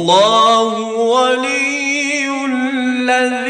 الله ولي الذي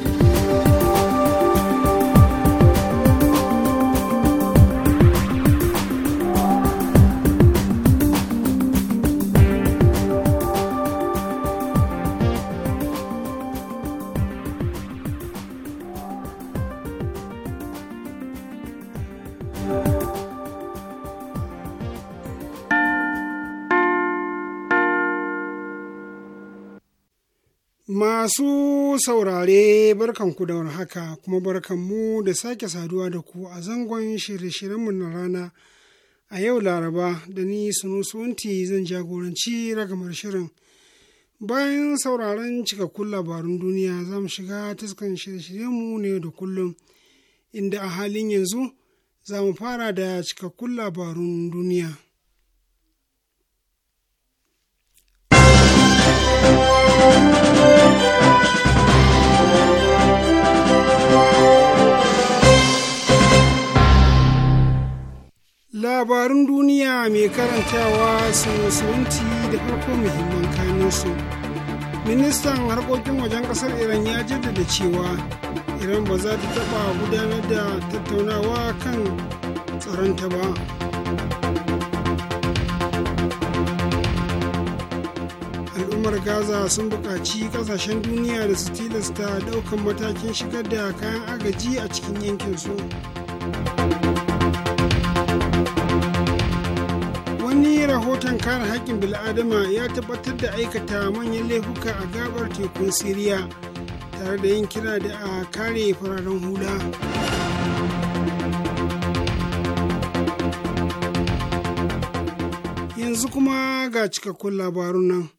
Masu saurare barkanku da haka kuma barkanmu da sake saduwa da ku a zangon shirye-shiryenmu na rana a yau Laraba da ni Sunusunti zan jagoranci ragamar shirin. Bayan sauraron cikakkun labarun duniya za mu shiga taskan shirye-shiryenmu ne da kullum inda a halin yanzu za mu fara da cikakkun labarun duniya. thank you Labarin duniya mai karantawa sun musulunci da farko muhimman kanunsu. Ministan harkokin wajen ƙasar Iran ya jaddada cewa Iran ba za ta taɓa gudanar da tattaunawa kan tsaronta ba. gaza sun buƙaci ƙasashen duniya da su tilasta ɗaukan matakin shigar da kayan agaji a cikin yankin su wani rahoton kare haƙƙin bil'adama ya tabbatar da aikata manyan laifuka a gabar tekun siriya tare da yin kira da a kare fararen hula. yanzu kuma ga cikakkun labarun nan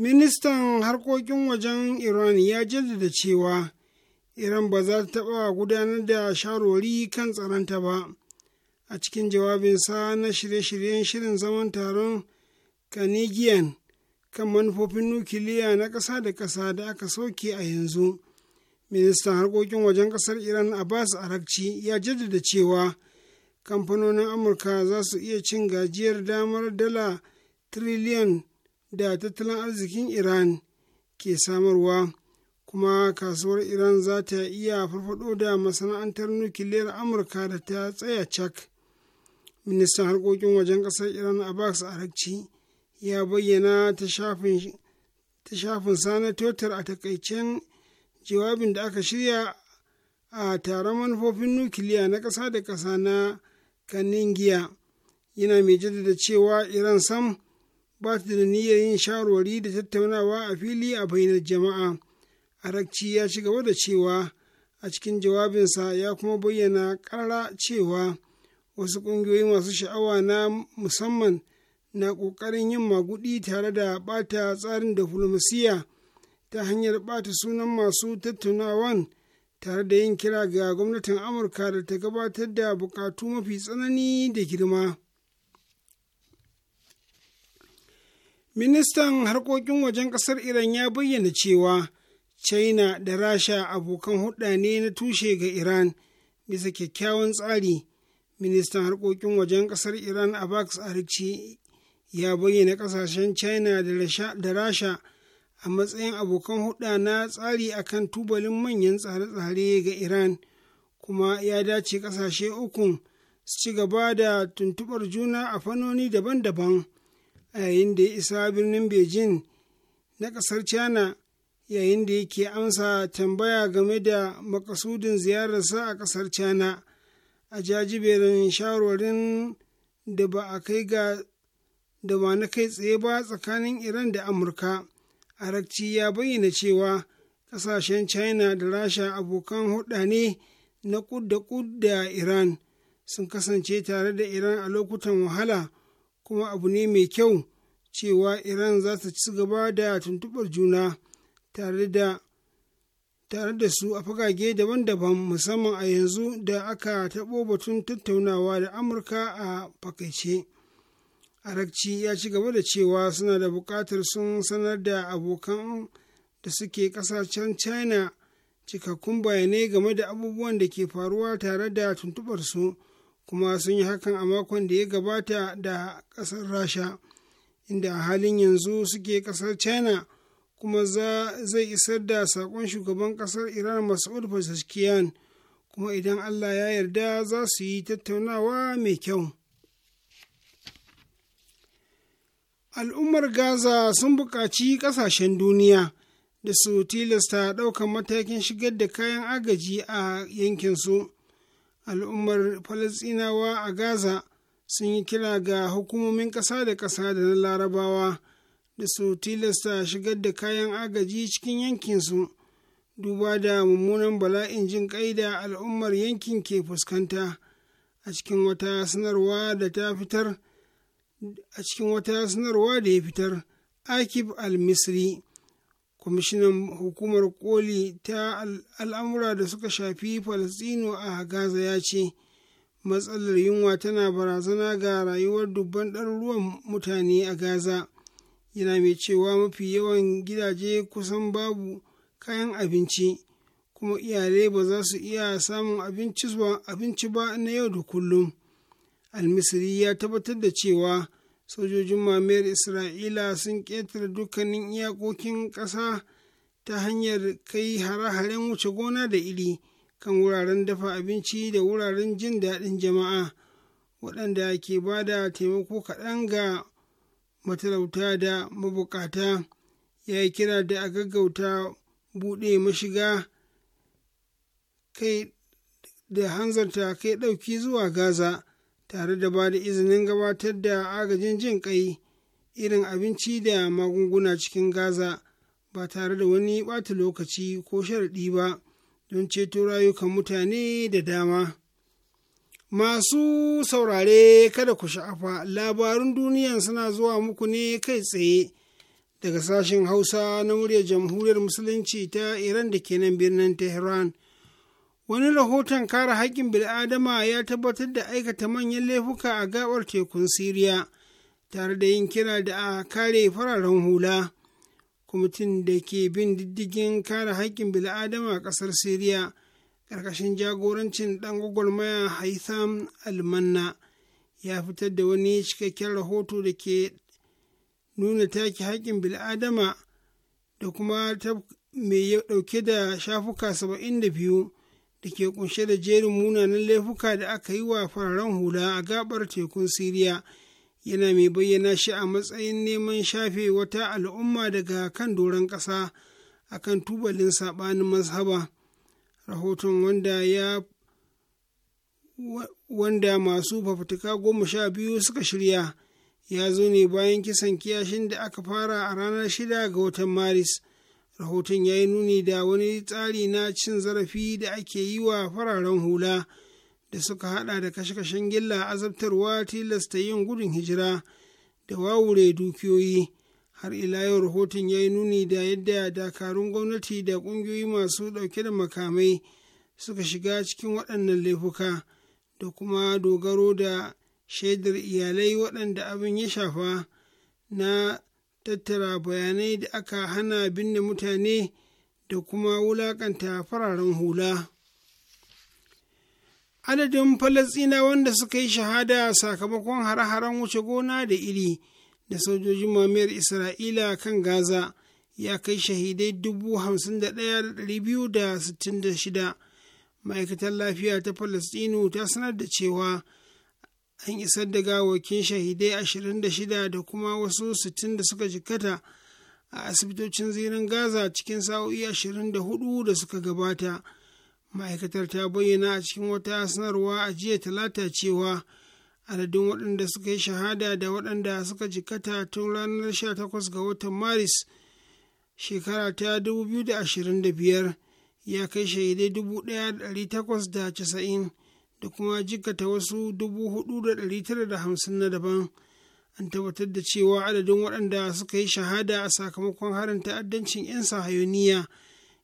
ministan harkokin wajen iran ya jaddada cewa iran ba za ta taɓa gudanar da sharori kan tsaronta ba a cikin jawabinsa na shirye-shiryen shirin zaman taron Canadian kan manufofin nukiliya na ƙasa da ƙasa da aka soke a yanzu. Ministan harkokin wajen ƙasar Iran Abbas Arakci ya jaddada cewa kamfanonin Amurka za su iya cin gajiyar damar dala tiriliyan da tattalin arzikin iran ke samarwa kuma kasuwar iran za ta iya farfado da masana'antar nukiliyar amurka da ta tsaya cak ministan harkokin wajen kasar iran a abbas arakci ya bayyana ta shafin sana totar a takaicen jawabin da aka shirya a taron manufofin nukiliya na ƙasa da ƙasa na kaningiya yana mai jaddada cewa iran sam ba ta da niyyar yin shawarwari da tattaunawa a fili a bainar jama'a arakci ya ci gaba da cewa a cikin jawabinsa ya kuma bayyana ƙarara cewa wasu ƙungiyoyi masu sha'awa na musamman na ƙoƙarin yin maguɗi tare da ɓata tsarin da diflomasiyya ta hanyar ɓata sunan masu tattaunawan tare da yin kira ga gwamnatin amurka da ta gabatar da buƙatu mafi tsanani da girma. ministan harkokin wajen ƙasar iran ya bayyana cewa china da rasha abokan hudda ne na tushe ga iran bisa kyakkyawan tsari ministan harkokin wajen ƙasar iran abbas arikci ya bayyana ƙasashen china da rasha a matsayin abokan hudda na tsari akan tubalin manyan tsare-tsare ga iran kuma ya dace ƙasashe ukun su ci gaba da tuntuɓar juna a fannoni daban-daban a yayin da ya isa birnin beijing na ƙasar china yayin da yake amsa tambaya game da makasudin ziyararsa a ƙasar china a jajiberin shawarwarin da ba a kai ga da ba na kai tsaye ba tsakanin iran da amurka arakci ya bayyana cewa ƙasashen china da rasha abokan huɗa ne na kud da kud da iran sun kasance tare da iran a lokutan wahala kuma abu ne mai kyau cewa iran za ta ci gaba da tuntuɓar juna tare da su a fagage daban-daban musamman a yanzu da aka taɓo batun tattaunawa da amurka a fakaice arakci ya ci gaba da cewa suna da buƙatar sun sanar da abokan da suke ƙasashen china cikakkun bayanai game da abubuwan da ke faruwa tare da tuntuɓarsu. su kuma sun yi hakan a makon da ya gabata da ƙasar rasha inda a halin yanzu suke ƙasar china kuma zai isar da saƙon shugaban ƙasar iran masu'ud pezeshkian kuma idan allah ya yarda za su yi tattaunawa mai kyau al'ummar gaza sun buƙaci ƙasashen duniya da su tilasta ɗaukar matakin shigar da kayan agaji a yankinsu al'ummar falasinawa a gaza sun yi kira ga hukumomin ƙasa da ƙasa da na larabawa da su tilasta shigar da kayan agaji cikin yankinsu duba da mummunan bala'in jin ƙai da al'ummar yankin ke fuskanta a cikin wata sanarwa da ta fitar a cikin wata sanarwa da ya fitar akib al-misri kwamishinan hukumar koli ta al'amura da suka shafi falastino a gaza ya ce matsalar yunwa tana barazana ga rayuwar dubban ɗaruruwan mutane a gaza yana mai cewa mafi yawan gidaje kusan babu kayan abinci kuma iyalai ba za su iya samun abinci ba na yau da kullum almisiri ya tabbatar da cewa sojojin mamayar isra'ila sun ƙetare dukkanin iyakokin ƙasa ta hanyar kai hare-haren wuce gona da iri kan wuraren dafa abinci da wuraren jin daɗin jama'a waɗanda ke ba da taimako kaɗan ga matalauta da mabukata ya yi kira da a gaggauta buɗe mashiga kai da hanzarta kai ɗauki zuwa gaza tare da ba da izinin gabatar da agajin jin ƙai irin abinci da magunguna cikin gaza ba tare da wani ɓata lokaci ko sharaɗi ba don ceto rayukan mutane da dama masu saurare kada ku sha'afa labarun duniyan suna zuwa muku ne kai tsaye daga sashen hausa na muryar jamhuriyar musulunci ta iran da ke nan birnin tehran wani rahoton kare haƙƙin bil'adama ya tabbatar da aikata manyan laifuka a gabar tekun siriya tare da yin kira da a kare fararen hula kwamitin da ke bin diddigin kare haƙƙin bil'adama a ƙasar siriya ƙarƙashin jagorancin ɗan gwagwarmaya haitham almanna ya fitar da wani cikakken rahoto da ke nuna take haƙƙin bil'adama da kuma mai ɗauke da shafuka saba'in da biyu da ke kunshe da jerin munanan laifuka da aka yi wa fararen hula a gabar tekun siriya yana mai bayyana shi a matsayin neman shafe wata al'umma daga kan doron ƙasa kan tubalin saɓanin mazhaba rahoton wanda ya wanda masu fafutuka goma sha biyu suka shirya ya zo ne bayan kisan kiyashin da aka fara a ranar shida ga watan maris rahoton ya yi nuni da wani tsari na cin zarafi da ake yi wa fararen hula da suka hada da kashe-kashen gilla azabtarwa tilasta yin gudun hijira da wawure dukiyoyi har ila yau rahoton ya yi nuni da yadda dakarun gwamnati da ƙungiyoyi masu ɗauke da makamai suka shiga cikin waɗannan laifuka da kuma dogaro da shaidar iyalai waɗanda abin ya shafa na tattara bayanai da aka hana binne mutane da kuma wulaƙanta fararen hula adadin falasina wanda suka yi shahada sakamakon hare-haren wuce gona da iri da sojojin mamayar isra'ila kan gaza ya kai shahidai dubu hamsin da ɗaya da ɗari biyu da sittin da shida ma'aikatar lafiya ta falastinu ta sanar da cewa an isar da gawakin shahidai 26 da kuma wasu 60 da suka jikata a asibitocin zirin gaza cikin sa'o'i 24 da suka gabata ma'aikatar ta bayyana a cikin wata sanarwa a jiya talata cewa adadin waɗanda suka yi shahada da waɗanda suka jikata tun ranar 18 ga watan maris shekara ta 2025 ya kai shahidai 1890 da kuma jikata wasu 4,950 na daban an tabbatar da cewa adadin waɗanda suka yi shahada a sakamakon harin ta'addancin 'yan sahayoniya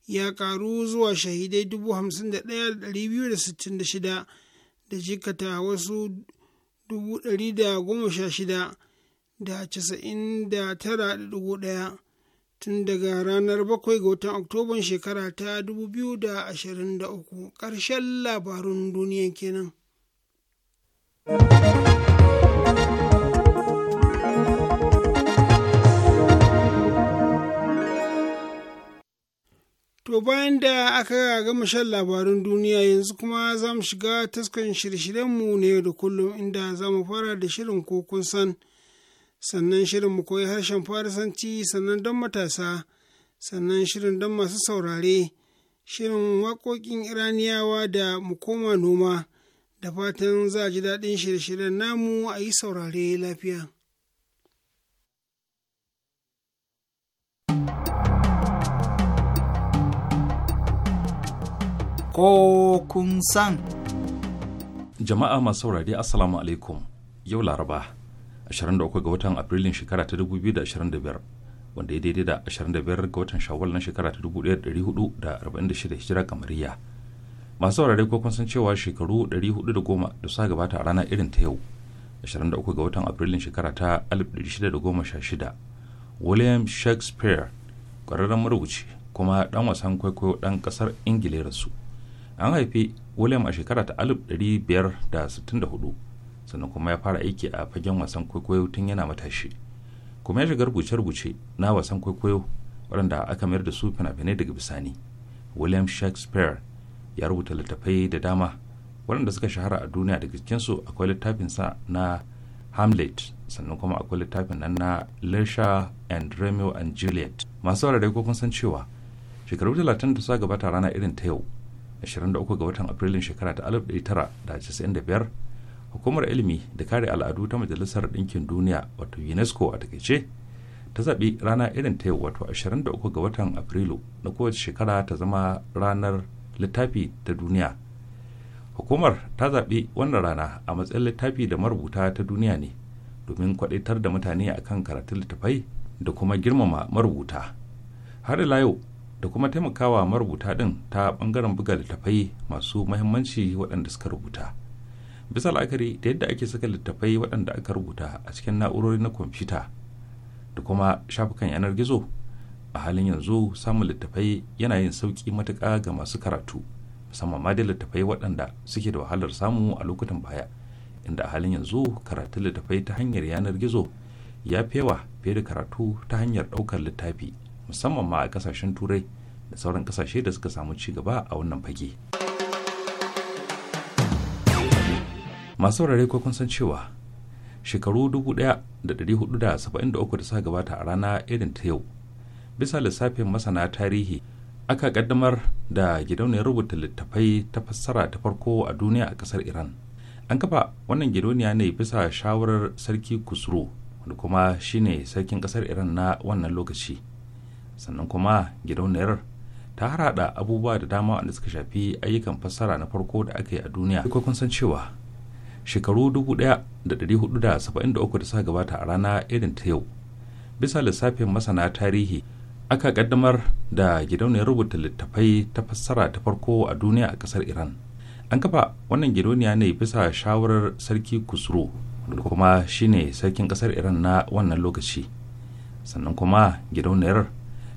ya ƙaru zuwa shahidai hamsin da jikata wasu ɗaya. tun daga ranar bakwai ga watan oktoban shekara ta da ashirin uku, ƙarshen labarun duniya kenan. To bayan da aka gama shan labarun duniya yanzu kuma za mu shiga taskan shirye-shiryenmu ne da kullum inda za mu fara da shirin ko san. sannan shirin mu koyi harshen farisanci sannan don matasa sannan shirin don masu saurare shirin waƙoƙin iraniyawa da mu koma noma da fatan za a ji daɗin shirye-shiryen namu a yi saurare lafiya. kun san. Jama'a masu saurare Assalamu alaikum yau Laraba. 23 ga watan Afrilun shekara ta 2025 wanda ya daidai da 25 ga watan Shawwal na shekara ta 1446 Hijira kamariya. Masu saurare ko kun san cewa shekaru 410 da sa gabata a rana irin ta yau 23 ga watan Afrilun shekara ta 1616 William Shakespeare ƙwararren marubuci kuma ɗan wasan kwaikwayo ɗan ƙasar Ingila rasu. An haifi William a shekara ta 1564 sannan kuma ya fara aiki a fagen wasan kwaikwayo tun yana matashi kuma ya shiga rubuce-rubuce na wasan kwaikwayo waɗanda aka mayar da su fina-finai daga bisani william shakespeare ya rubuta littattafai da dama waɗanda suka shahara a duniya daga cikinsu akwai littafinsa na hamlet sannan kuma akwai littafin nan na lesha and romeo and juliet masu saurare ko kun san cewa shekaru talatin da suka gabata rana irin ta yau 23 ga watan afrilun shekara ta 1995 hukumar ilimi da kare al'adu ta majalisar ɗinkin duniya wato unesco a takaice ta zaɓi rana irin ta yau wato 23 ga watan afrilu na kowace shekara ta zama ranar littafi ta duniya hukumar ta zaɓi wannan rana a matsayin littafi da marubuta ta duniya ne domin kwaɗaitar da mutane akan karatun littafai da kuma girmama marubuta har ila yau da kuma taimakawa marubuta ɗin ta ɓangaren buga littafai masu mahimmanci waɗanda suka rubuta. bisa la'akari da yadda ake saka littafai waɗanda aka rubuta a cikin na'urori na kwamfuta da kuma shafukan yanar gizo a halin yanzu samun littafai yana yin sauƙi matuƙa ga masu karatu musamman ma da littafai waɗanda suke da wahalar samu a lokutan baya inda a halin yanzu karatun littafai ta hanyar yanar gizo ya fewa fiye da karatu ta hanyar ɗaukar littafi musamman ma a ƙasashen turai da sauran ƙasashe da suka samu ci gaba a wannan fage. masu rarrai ko kun san cewa shekaru 1473 da suka gabata a rana irin ta yau bisa lissafin masana tarihi aka kaddamar da gidauniyar rubuta littafai ta fassara ta farko a duniya a kasar iran an kafa wannan gidauniya ne bisa shawarar sarki kusuru wanda kuma shine sarkin kasar iran na wannan lokaci sannan kuma gidauniyar ta harada abubuwa da dama wanda suka shafi ayyukan fassara na farko da aka yi a duniya kun san cewa shekaru 1473 da suka gabata a rana irin ta yau bisa lissafin masana tarihi aka kaddamar da gidauniyar rubuta littafai ta fassara ta farko a duniya a kasar iran an kafa wannan gidauniya ne bisa shawarar sarki kusuru kuma shine sarkin kasar iran na wannan lokaci sannan kuma gidauniyar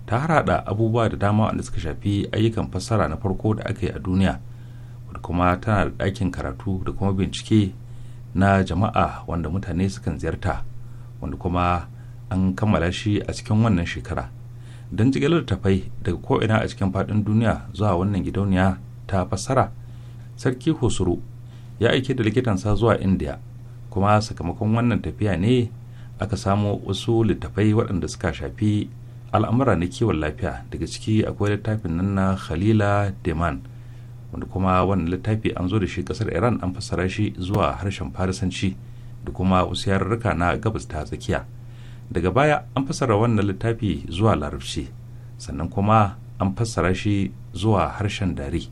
ta harada abubuwa da dama wanda suka shafi ayyukan fassara na farko da aka yi a duniya kuma tana da ɗakin karatu da kuma bincike na jama'a wanda mutane sukan ziyarta wanda kuma an kammala shi a cikin wannan shekara don jigilar tafai daga ko'ina a cikin faɗin duniya zuwa wannan gidauniya ta fassara sarki hosuru ya aike da likitansa zuwa india kuma sakamakon wannan tafiya ne aka samo wasu littafai waɗanda suka shafi al'amura na kiwon lafiya daga ciki akwai littafin nan na khalila deman wanda kuma wannan littafi an zo da shi kasar iran an fassara shi zuwa harshen farisanci da kuma wasu yarurruka na gabas ta tsakiya daga baya an fassara wannan littafi zuwa larabci sannan kuma an fassara shi zuwa harshen dari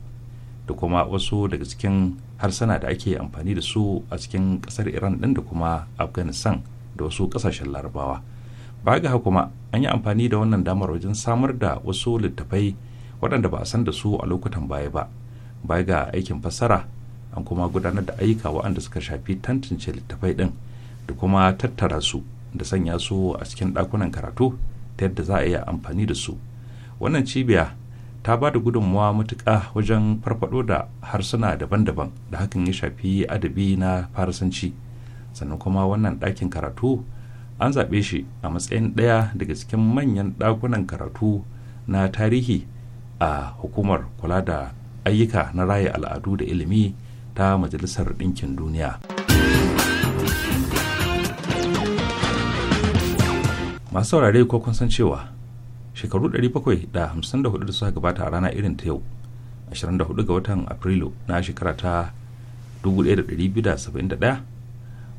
da kuma wasu daga cikin harsana da ake amfani da su a cikin kasar iran din da kuma afghanistan da wasu kasashen larabawa ba ga kuma an yi amfani da wannan damar wajen samar da wasu littafai waɗanda ba a san da su a lokutan baya ba baya ga aikin fassara an kuma gudanar da ayyuka waɗanda suka shafi tantance littafai ɗin da kuma tattara su da sanya su a cikin ɗakunan karatu ta yadda za a iya amfani da su wannan cibiya ta ba da gudunmawa matuƙa wajen farfaɗo da harsuna daban-daban da hakan ya shafi adabi na farasanci sannan kuma wannan ɗakin karatu an zaɓe shi a matsayin ɗaya daga cikin manyan ɗakunan karatu na tarihi a hukumar kula da ayyuka na raya al'adu da ilimi ta majalisar ɗinkin duniya masu saurare ko kun san cewa shekaru 754 da suka gabata a rana irin ta yau 24 ga watan afrilu na shekara ta 1271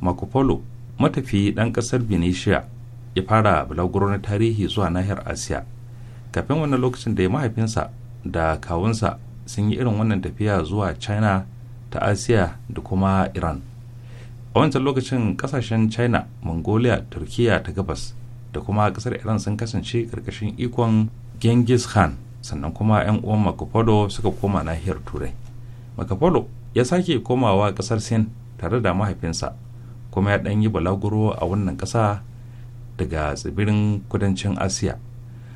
marco polo matafi ɗan ƙasar venetia ya fara bulaguro na tarihi zuwa nahiyar asiya kafin wannan lokacin da ya mahaifinsa da kawunsa sun yi irin wannan tafiya zuwa china ta asiya da kuma iran a wancan lokacin kasashen china mongolia turkiya ta gabas da kuma kasar iran sun kasance karkashin ikon genghis khan sannan kuma 'yan uwan makapolo suka koma nahiyar turai makapolo ya sake komawa kasar sin tare da mahaifinsa kuma ya dan yi balaguro a wannan kasa daga tsibirin kudancin asiya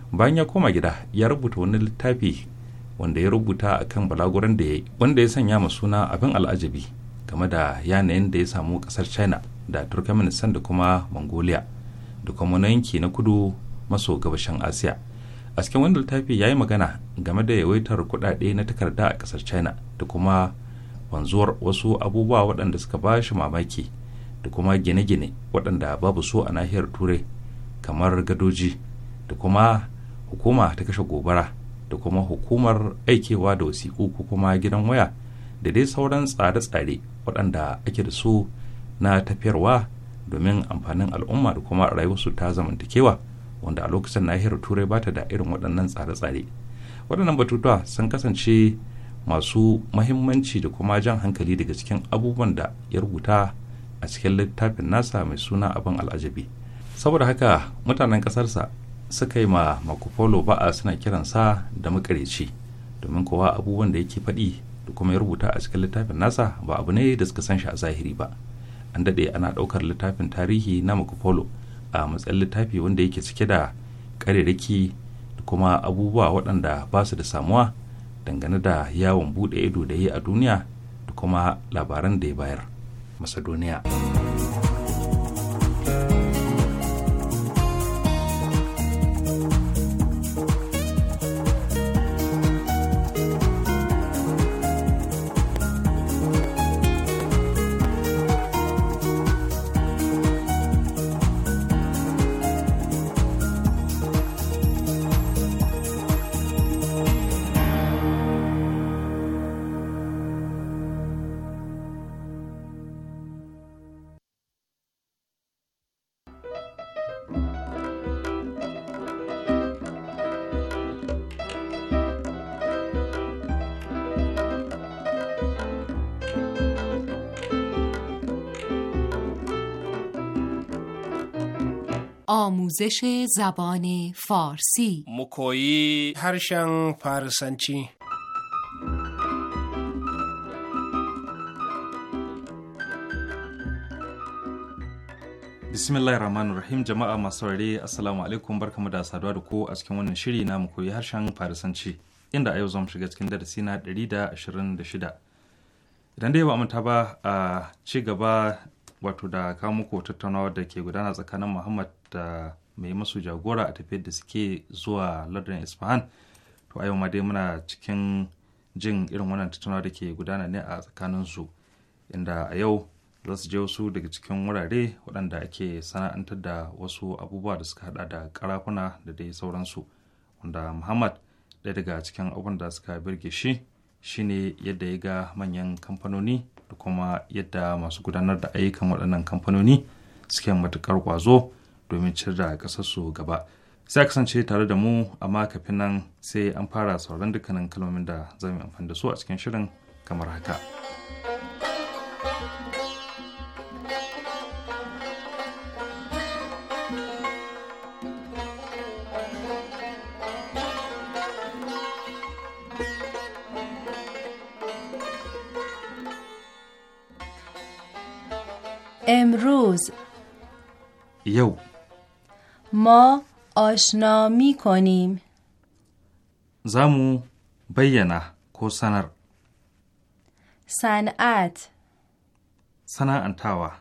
bayan ya koma gida ya rubuta wani littafi wanda ya rubuta a kan balaguran da ya yi wanda ya sanya ma suna abin al'ajabi game da yanayin da ya samu kasar china da turkmenistan da kuma mongolia da kuma na yanki na kudu maso gabashin asiya a cikin wanda littafi ya yi magana game da yawaitar kudade na takarda a kasar china da kuma wanzuwar wasu abubuwa waɗanda suka ba shi mamaki da kuma gine-gine waɗanda babu so a nahiyar turai kamar gadoji da kuma hukuma ta kashe gobara da kuma hukumar aikewa da wasiƙu ko kuma gidan waya da dai sauran tsare-tsare waɗanda ake da su na tafiyarwa domin amfanin al'umma da kuma rayuwarsu ta zamantakewa wanda a lokacin nahiyar turai ba ta da irin waɗannan tsare-tsare waɗannan batutuwa sun kasance masu mahimmanci da kuma jan hankali daga cikin abubuwan da ya rubuta a cikin littafin nasa mai suna abin al'ajabi saboda haka mutanen ƙasarsa suka yi ma makufolo ba'a suna kiransa da makareci domin kowa abubuwan da yake faɗi da kuma ya rubuta a cikin littafin nasa ba abu ne da suka san shi a zahiri ba an daɗe ana ɗaukar littafin tarihi na makufolo a matsayin littafi wanda yake cike da ƙarerriki da kuma abubuwa waɗanda ba su da samuwa dangane da yawon buɗe ido da yi a duniya da kuma labaran da ya bayar macedonia آموزش زبان فارسی مکویی هرشن فارسنچی bismillahir rahmanir rahim jama'a masu saurare assalamu alaikum barkamu da saduwa da ko a cikin wannan shiri na mu koyi harshen farisanci inda a yau zamu shiga cikin darasi na 126 idan dai ba manta ba a ci gaba wato da kawo muku tattaunawa da ke gudana tsakanin muhammad da mai masu jagora a tafiyar da suke zuwa lardin isfahan to a yau ma dai muna cikin jin irin wannan tattaunawa da ke gudana ne a tsakanin su inda a yau za su je wasu daga cikin wurare waɗanda ake sana'antar da wasu abubuwa da suka hada da karafuna da dai sauransu wanda muhammad ɗaya daga cikin abubuwan da suka birge shi shine yadda ya ga manyan kamfanoni da kuma yadda masu gudanar da ayyukan waɗannan kamfanoni suke matuƙar ƙwazo domin cin da ƙasarsu gaba sai kasance tare da mu amma kafin nan sai an fara sauran dukkanin kalmomin da zamu amfani da su a cikin shirin kamar haka. امروز یو ما آشنا می کنیم زمو بیانه کو سنر صنعت انتوا.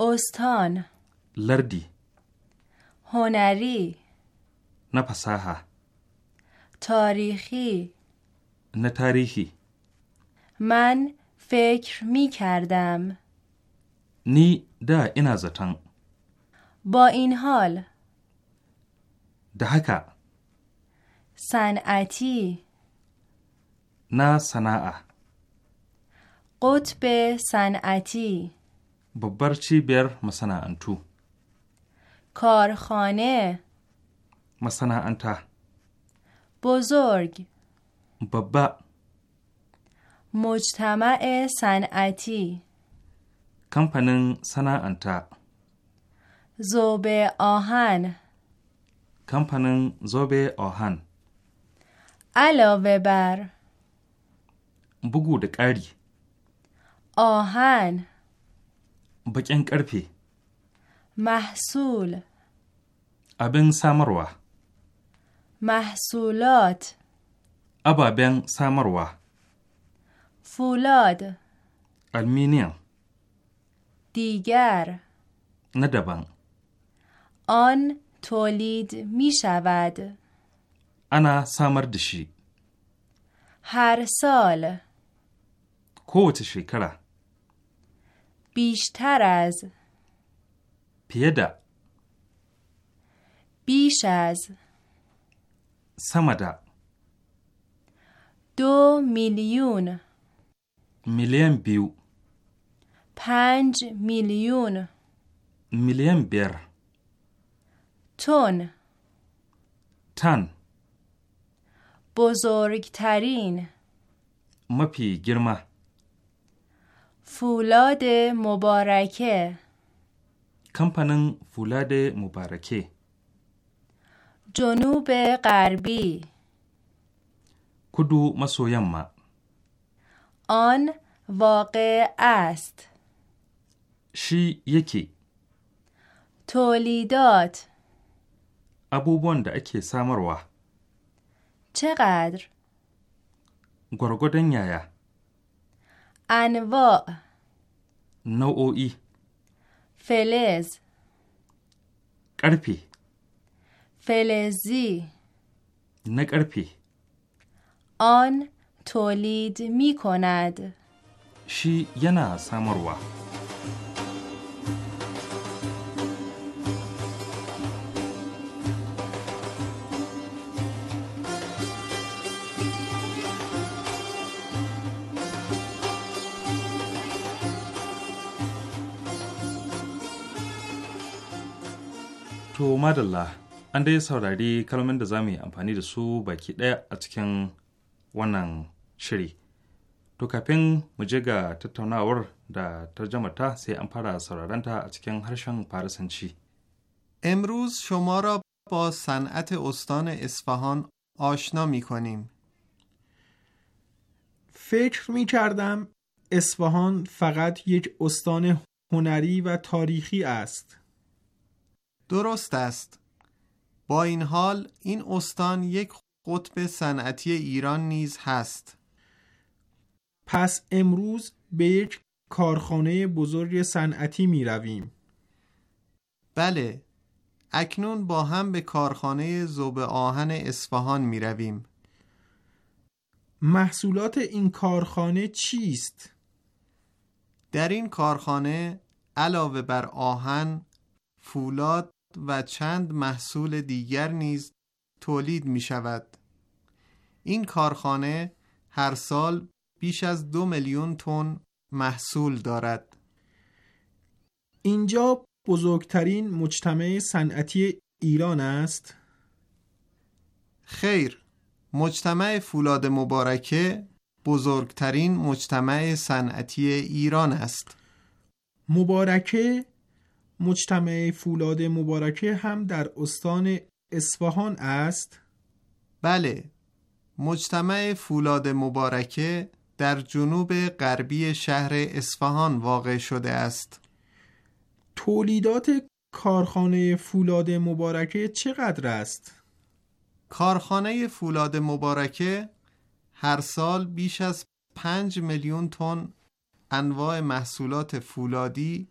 استان لردی هنری نه تاریخی نه تاریخی من فکر می کردم نی دا اینا زتن با این حال دهکا صنعتی نه صناعه قطب صنعتی babbar cibiyar masana'antu. کارخانه masana'anta بزرگ babba مجتمع صنعتی kamfanin sana'anta زوب آهن کمپنن زوب آهن علاوه بر بگو دکاری آهن بکن کرپی محصول ابن سامروا محصولات ابابن سامروا فولاد المینیم دیگر ندبن آن تولید می شود انا سامردشی هر سال کوت شکره بیشتر از پیدا بیش از سمدا دو میلیون میلیون بیو پنج میلیون میلیون بیر تن تن بزرگترین مپی گرما فولاد مبارکه کمپنن فولاد مبارکه جنوب غربی کدو ما آن واقع است شی یکی تولیدات abubuwan da ake samarwa. چقدر؟ gwargwadon yaya. Anvo. Nau'o'i. Felez. Ƙarfe. Felezi. Na ƙarfe. On tolid mikonad. Shi yana samarwa. To madalla, an dai saurari kalmomin da za mu yi amfani da su baki ɗaya a cikin wannan shiri. To kafin mu je ga tattaunawar da tarjamata sai an fara saurarenta a cikin harshen Farisanci. امروز شما را با صنعت استان اصفهان آشنا می کنیم. فکر می کردم اصفهان فقط یک استان هنری و تاریخی است. درست است با این حال این استان یک قطب صنعتی ایران نیز هست پس امروز به یک کارخانه بزرگ صنعتی می رویم بله اکنون با هم به کارخانه زوب آهن اصفهان می رویم محصولات این کارخانه چیست؟ در این کارخانه علاوه بر آهن، فولاد و چند محصول دیگر نیز تولید می شود. این کارخانه هر سال بیش از دو میلیون تن محصول دارد. اینجا بزرگترین مجتمع صنعتی ایران است؟ خیر، مجتمع فولاد مبارکه بزرگترین مجتمع صنعتی ایران است. مبارکه مجتمع فولاد مبارکه هم در استان اصفهان است؟ بله مجتمع فولاد مبارکه در جنوب غربی شهر اصفهان واقع شده است تولیدات کارخانه فولاد مبارکه چقدر است؟ کارخانه فولاد مبارکه هر سال بیش از 5 میلیون تن انواع محصولات فولادی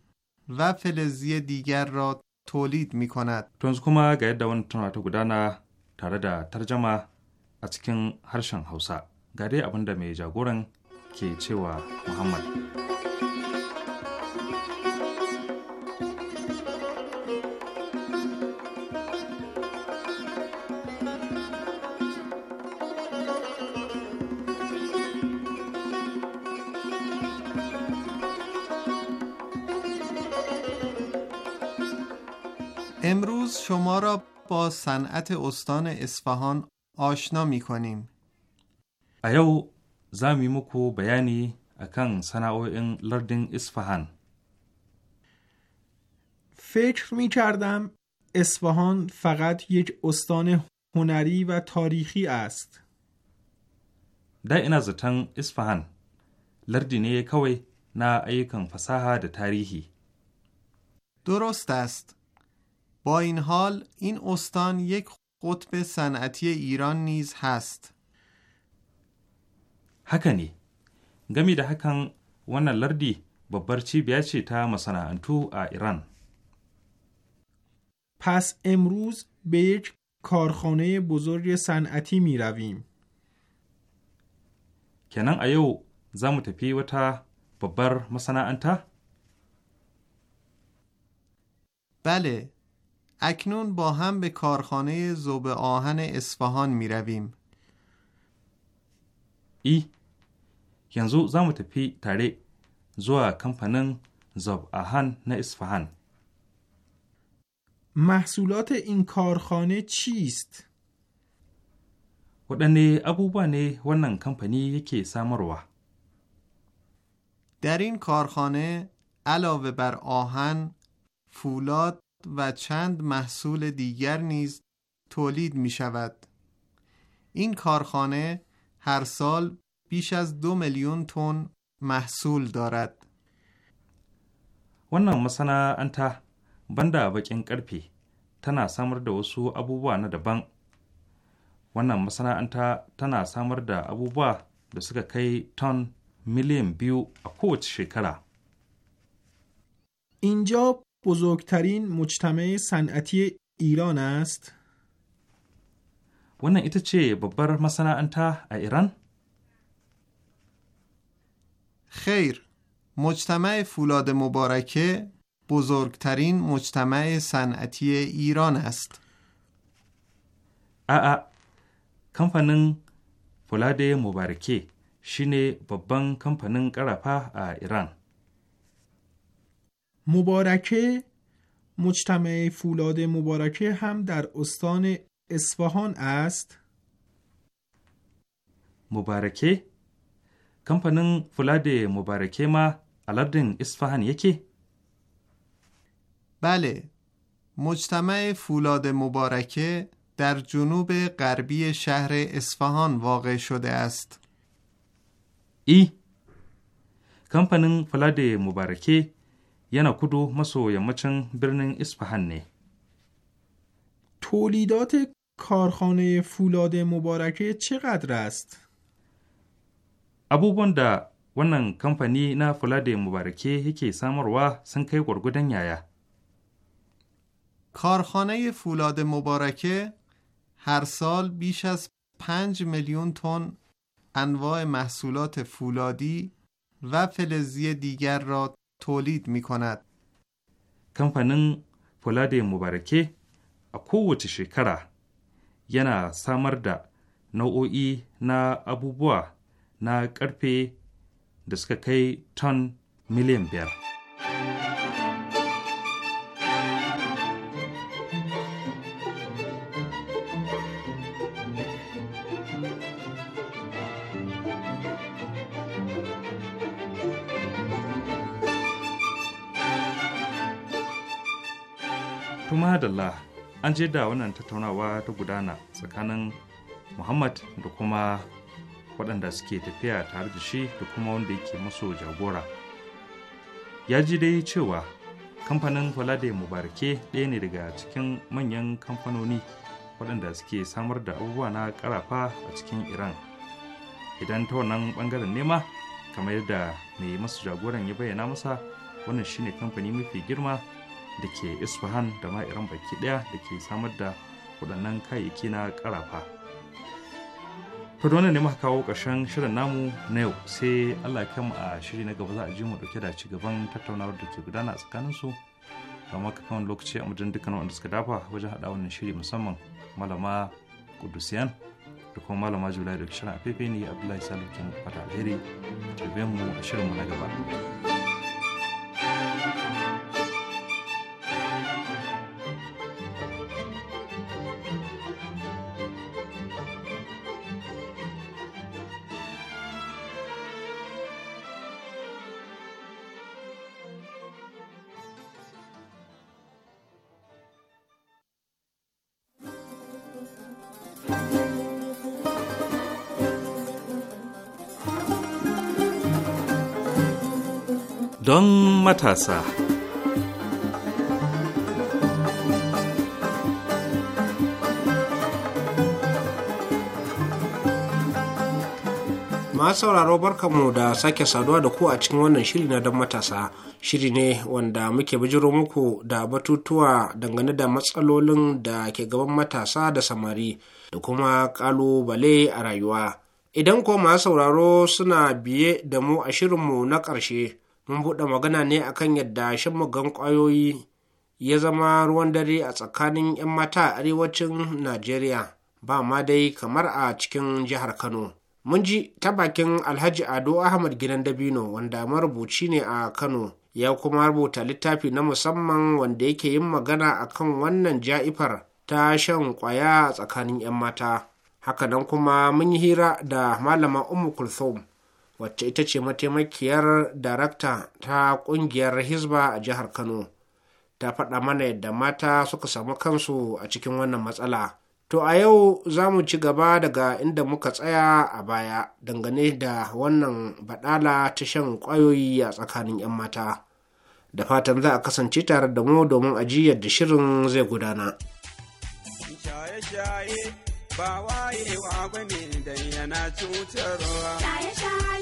و فلزی دیگر را تولید می کند. تونز کما گاید دوان تنواتا گدانا تارده ترجمه از کن هرشن حوصا گاره ابنده می جاگورن که چه و محمد. را با صنعت استان اصفهان آشنا می کنیم. ایو زمی مکو بیانی اکن صنعو این لردن اصفهان. فکر می کردم اصفهان فقط یک استان هنری و تاریخی است. در این از تن اصفهان لردینه کوی نا ایکن فساها در تاریخی. درست است. با این حال این استان یک قطب صنعتی ایران نیز هست هکنی گمی ده هکن wannan lardi babbar cibiya ce ta masana'antu a ایران پس امروز به یک کارخانه بزرگ صنعتی می رویم. کنن ایو زمو تپی و تا ببر مسنا انتا؟ بله اکنون با هم به کارخانه زوب آهن اصفهان می رویم. ای ینزو زمو تپی تاره زوا کمپنن زوب آهن نه اصفهان محصولات این کارخانه چیست؟ ودنی ابو نه ونن کمپنی یکی samarwa در این کارخانه علاوه بر آهن فولاد و چند محصول دیگر نیز تولید می شود. این کارخانه هر سال بیش از دو میلیون تن محصول دارد. wannan masana'anta banda baƙin karfe tana samar da wasu abubuwa na daban wannan masana'anta tana samar da abubuwa da suka kai ton miliyan biyu a kowace shekara اینجا بزرگترین مجتمع صنعتی ایران است؟ wannan ita ce babbar masana'anta a Iran? خیر مجتمع فولاد مبارکه بزرگترین مجتمع صنعتی ایران است. a'a kamfanin fulade mubarake shine babban kamfanin ƙarafa a iran مبارکه مجتمع فولاد مبارکه هم در استان اصفهان است مبارکه کمپنن فولاد مبارکه ما الادن اصفهان یکی بله مجتمع فولاد مبارکه در جنوب غربی شهر اصفهان واقع شده است ای کمپنن فولاد مبارکه yana kudu maso yammacin birnin isfahan ne تولیدات کارخانه فولاد مبارکه چقدر است؟ abubuwan da wannan kamfani na مبارکه مبارکه yake samarwa sun kai gwargwadon yaya. کارخانه فولاد مبارکه هر سال بیش از 5 میلیون تن انواع محصولات فولادی و فلزی دیگر را تولید می کند. کمپنین فولاد a kowace shekara yana samar da nau'o'i na abubuwa na ƙarfe da suka kai ton miliyan biyar. To la, an je da wannan tattaunawa ta gudana tsakanin Muhammad da kuma waɗanda suke tafiya tare da shi da kuma wanda yake maso jagora. Ya ji dai cewa kamfanin Falade Mubarake ɗaya ne daga cikin manyan kamfanoni waɗanda suke samar da abubuwa na ƙarafa a cikin Iran. Idan ta wannan ɓangaren nema, kamar yadda mai masu jagoran ya bayyana masa, wannan shine kamfani mafi girma da ke isfahan da ma iran baki daya da ke samar da waɗannan kayayyaki na karafa. to da ne muka kawo ƙarshen shirin namu na yau sai allah ya mu a shiri na gaba za a ji mu dauke da ci gaban tattaunawar da ke gudana a tsakanin su kama maka kan lokaci a mutum dukkan wanda suka dafa wajen haɗa wannan shiri musamman malama kudusiyan da kuma malama julai da shirin fefe ne abdullahi salihu ke muku fata alheri mu a shirinmu na gaba. matasa. masu sauraro barkanmu da sake saduwa da ku a cikin wannan shiri na don matasa shiri ne wanda muke bijiro muku da batutuwa dangane da matsalolin da ke gaban matasa da samari da kuma kalubale a rayuwa idan ko masu sauraro suna biye da mu a shirinmu na ƙarshe mun buɗe magana ne akan yadda shan mugan ƙwayoyi ya zama ruwan dare a tsakanin 'yan mata a arewacin najeriya ba ma dai kamar a cikin jihar kano mun ji ta bakin alhaji ado ahmad gidan dabino wanda marubuci ne a kano ya kuma rubuta littafi na musamman wanda yake yin magana akan wannan ja'ifar ta shan kwaya a tsakanin 'yan mata hakanan kuma mun yi hira da malama umu kulthum wacce ita ce mataimakiyar darakta ta kungiyar hizba a jihar kano ta faɗa mana yadda mata suka samu kansu a cikin wannan matsala to a yau za mu ci gaba daga inda muka tsaya a baya dangane da wannan baɗala ta shan ƙwayoyi a tsakanin 'yan mata da fatan za a kasance tare da mu domin ajiyar da shirin zai gudana. shaye-shaye ba wayewa da yana cutarwa. Shaye-shaye.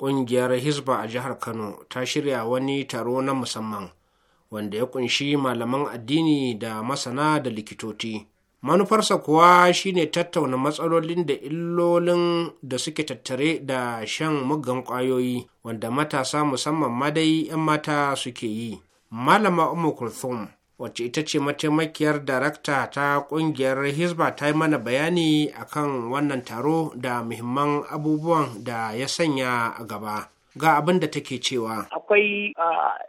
ƙungiyar Hisba a jihar Kano ta shirya wani taro na musamman wanda ya kunshi malaman addini da masana da likitoci. Manufarsa kuwa shine tattauna matsalolin da illolin da suke tattare da shan muggan ƙwayoyi wanda matasa musamman ma dai 'yan mata suke yi. Malama umar Kulthum wacce ita ce mataimakiyar darakta ta kungiyar Hisba ta yi mana bayani akan wannan taro da muhimman abubuwan da ya sanya a gaba ga abin da take cewa. Akwai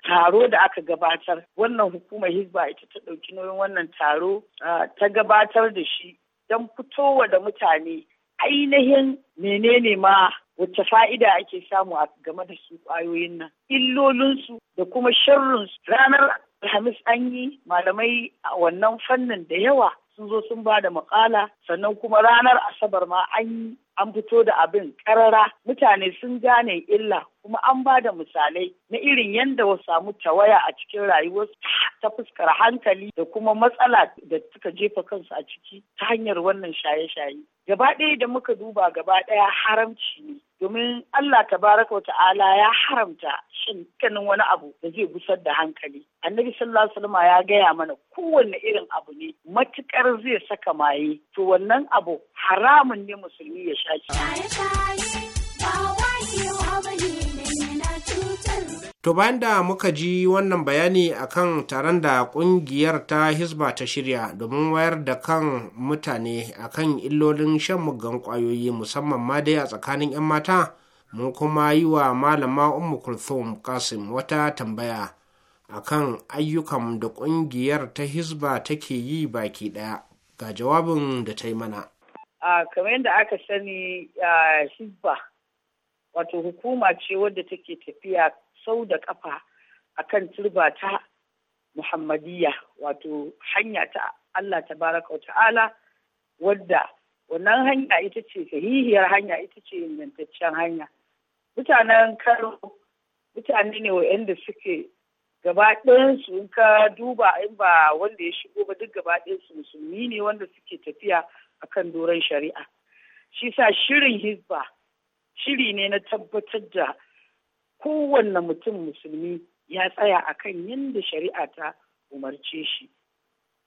taro da aka gabatar, wannan hukumar Hisba ita ta ɗauki nauyin wannan taro ta gabatar da shi don fitowa da mutane ainihin menene ma wacce fa'ida ake samu a game da su kwayoyin nan, illolinsu da kuma sharrinsu ranar alhamis an yi malamai a wannan fannin da yawa sun zo sun ba da makala sannan kuma ranar asabar ma an yi an fito da abin karara mutane sun gane illa kuma an ba da misalai na irin yadda wa samu tawaya a cikin rayuwarsu ta fuskar hankali da kuma matsala da suka jefa kansu a ciki ta hanyar wannan shaye-shaye gaba ɗaya da muka duba gaba ɗaya haramci ne domin Allah tabaraka wa ta'ala ya haramta shin kanin wani abu da zai busar da hankali annabi sallallahu alaihi wasallam ya gaya mana kowanne irin abu ne matukar zai saka maye to wannan abu haramun ne musulmi ya shaki sha bane To bayan da muka ji wannan bayani akan taron da ƙungiyar ta Hisba ta shirya domin wayar da kan mutane akan illolin shan muggan kwayoyi musamman ma dai a tsakanin 'yan mata, mun kuma yi wa malama Ummu Kulthum Kasim wata tambaya akan ayyukan da ƙungiyar ta Hisba take yi baki ɗaya ga jawabin da ta yi mana. aka sani Hisba, wato hukuma ce wadda take tafiya sau da kafa kan turba ta Muhammadiyya wato hanya ta Allah ta tabaraka ta'ala wadda wannan hanya ita ce sahihiyar hanya ita ce ingantaccen hanya mutanen karo mutane ne wa'anda suke gaba ɗayansu in ka duba in ba wanda ya shigo ba duk gaba musulmi ne wanda suke tafiya a kan doron shari'a shi sa shirin hizba shiri ne na tabbatar da kowanne mutum musulmi ya tsaya akan yadda shari'a ta umarce shi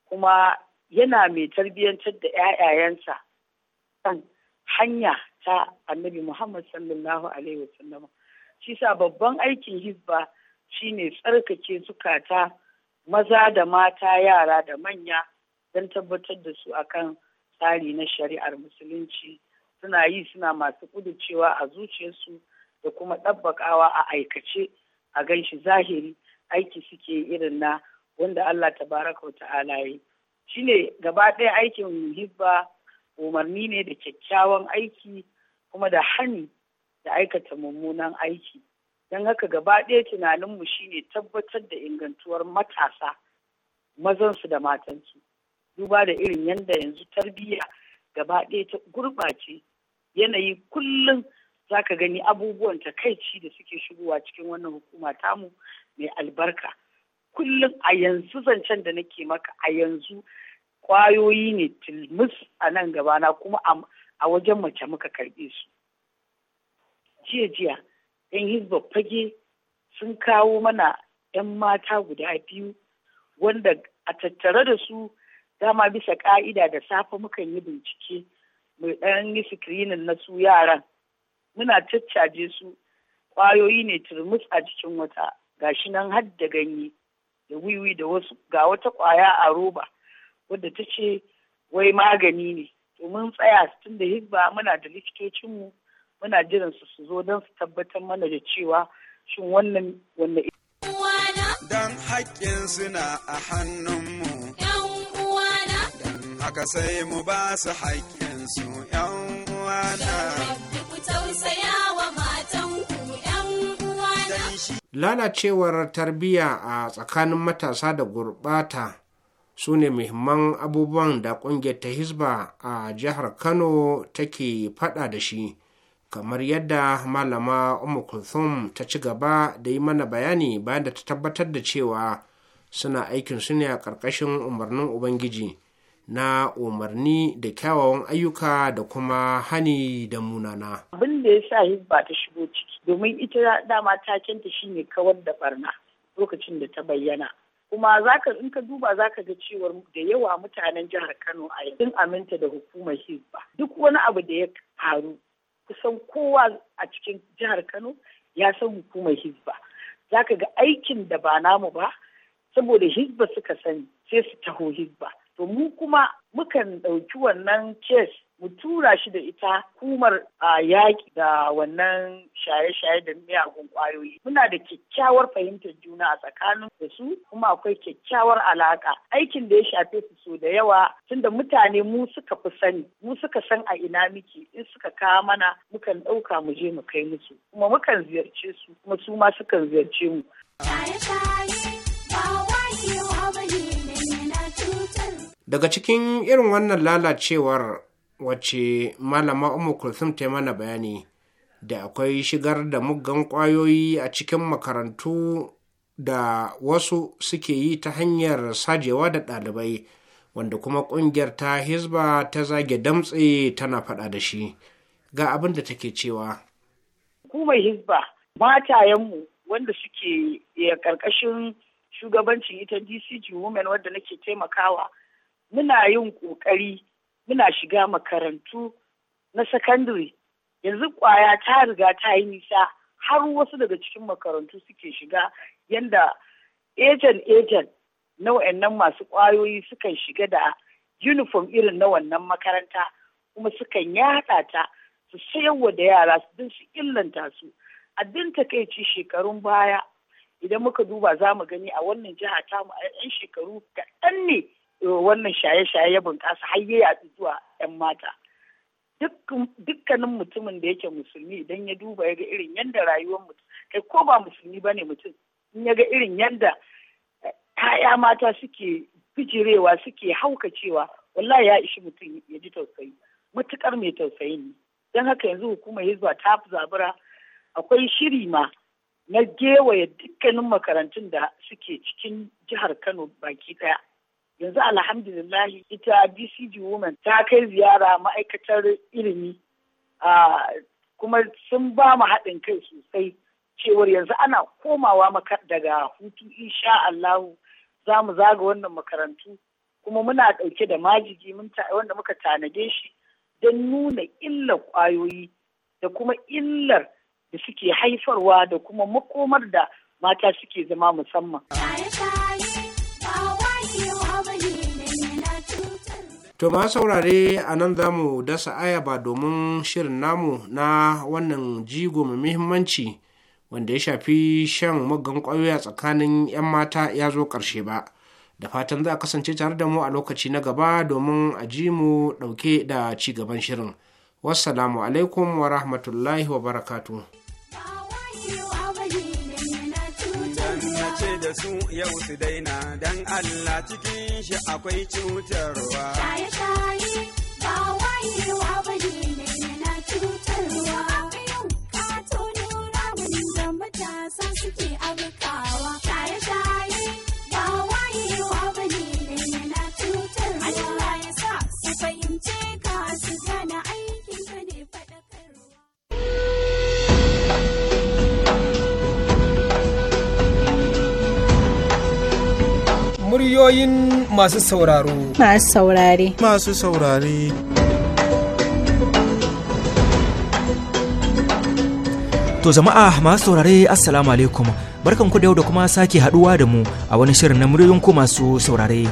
kuma yana mai tarbiyyantar da 'ya'yayensa kan hanya ta annabi Muhammad sallallahu Alaihi wasallam. Shi sa babban aikin hizba shine tsarkake zukata maza da mata yara da manya don tabbatar da su akan tsari na shari'ar musulunci suna yi suna masu kudu cewa a zuciyarsu da kuma ɗabbakawa a aikace a ganshi zahiri aiki suke irin na wanda Allah Ta tabaraka ta'ala yi ne gaba ɗaya aikin hibba umarni ne da kyakkyawan aiki kuma da hani da aikata mummunan aiki don haka gaba ɗaya tunaninmu shine tabbatar da ingantuwar matasa mazansu da matansu duba da irin yanda yanzu tarbiyya gaba ɗaya ta gurɓace yanayi kullum za ka gani abubuwan takaici da suke shigowa cikin wannan hukuma tamu mai albarka kullum a yanzu zancen da nake maka a yanzu kwayoyi ne tilmus a nan gabana kuma a wajen mace muka karɓe su jiya jiya yan hizba fage sun kawo mana yan mata guda biyu wanda a tattare da su dama bisa ka'ida da safe mukan yi bincike mai ɗan yi sikirinin na su yaran muna caccaje su ƙwayoyi ne turmus a cikin wata gashi nan hadda da ganye da wiwi da wasu ga wata ƙwaya a roba wadda ta ce wai magani ne to mun tsaya tun da hizba muna da likitocinmu muna jiran su su zo don su tabbatar mana da cewa shin wannan wanda dan haƙƙin suna a hannunmu dan haka sai mu ba su su 'yan uwana Lalacewar tarbiyya a tsakanin matasa da Gurbata, su ne muhimman abubuwan da ƙungiyar ta Hisba a jihar Kano take faɗa da shi, kamar yadda Malama Umar Kulthum ta ci gaba da yi mana bayani bayan da ta tabbatar da cewa suna aikin su ne a ƙarƙashin umarnin Ubangiji. na umarni da kyawawan ayyuka da kuma hani da munana. Abin da ya sa Hizba ta shigo ciki domin ita dama takenta ne kawar da barna lokacin da ta bayyana. Kuma zaka in ka duba zaka ga cewar da yawa mutanen jihar Kano a yanzu aminta da hukumar Hizba. Duk wani abu da ya faru kusan kowa a cikin jihar Kano ya san hukumar Hizba. Zaka ga aikin da ba namu ba saboda Hizba suka sani sai su taho Hizba. To mu kuma mukan ɗauki wannan kes mu tura shi da ita kumar a yaƙi da wannan shaye-shaye da miyagun ƙwayoyi. Muna da kyakkyawar fahimtar juna a tsakanin da su kuma akwai kyakkyawar alaƙa. Aikin da ya shafe su so da yawa tunda mutane mu suka fi sani, mu suka san a ina muke in suka kawo mana mukan ɗauka mu je mu kai musu kuma mukan ziyarce su kuma su ma sukan ziyarce mu. Shaye-shaye. daga cikin irin wannan lalacewar wacce malama umu kulsum ta mana bayani da akwai shigar da muggan ƙwayoyi a cikin makarantu da wasu suke yi ta hanyar sajewa da ɗalibai wanda kuma ƙungiyar ta hizba ta zage damtse tana faɗa da shi ga abin da take cewa hukumar hizba matayenmu wanda suke eh, ƙarƙashin shugabancin ita dcg women wadda nake taimakawa muna yin ƙoƙari muna shiga makarantu na sakandare yanzu kwaya ta riga ta yi nisa har wasu daga cikin makarantu suke shiga yanda ejen ejen na wa'annan masu ƙwayoyi sukan shiga da uniform irin na wannan makaranta kuma sukan yaɗa ta su sayarwa da yara su din su illanta su addin takaici shekarun baya idan muka duba za mu gani a wannan jiha tamu a 'yan shekaru kaɗan ne wannan shaye-shaye ya bunƙasa har ya yaɗu zuwa 'yan mata. Dukkanin mutumin da yake musulmi idan ya duba ya ga irin yadda rayuwar mutum, kai ko ba musulmi ba ne mutum, in ya ga irin yadda ‘ya'ya eh, mata suke bijirewa suke haukacewa, wallahi ya ishi mutum ya ji tausayi, matuƙar mai tausayi ne. Don haka yanzu hukumar Hizba ta zabura akwai shiri ma na gewaye dukkanin makarantun da suke cikin jihar Kano baki ɗaya. yanzu alhamdulillah ita bcg women ta kai ziyara ma'aikatar ilimi kuma sun ba mu haɗin kai sosai cewar yanzu ana komawa daga hutu insha Allahu za mu zaga wannan makarantu kuma muna ɗauke da majigi wanda muka tanade shi don nuna illar ƙwayoyi da kuma illar da suke haifarwa da kuma makomar da mata suke zama musamman. To ma saurare a nan za mu dasa aya ba domin shirin namu na wannan jigo mai muhimmanci wanda ya shafi shan magan ƙwayoyi tsakanin 'yan mata ya zo ƙarshe ba. Da fatan za a kasance tare da mu a lokaci na gaba domin a ji mu ɗauke da ci gaban shirin. Wassalamu alaikum wa rahmatullahi wa barakatu. su yau su daina dan Allah cikin shi akwai cutarwa. Shaye-shaye ba wayewa ba ne yana cutarwa. Ka tono ramin da matasa suke Muryoyin masu sauraro. Masu saurare. Masu saurare. To jama'a masu saurare Assalamu alaikum. Barkan ku da yau da kuma sake haduwa da mu a wani shirin na muryoyin ku masu saurare.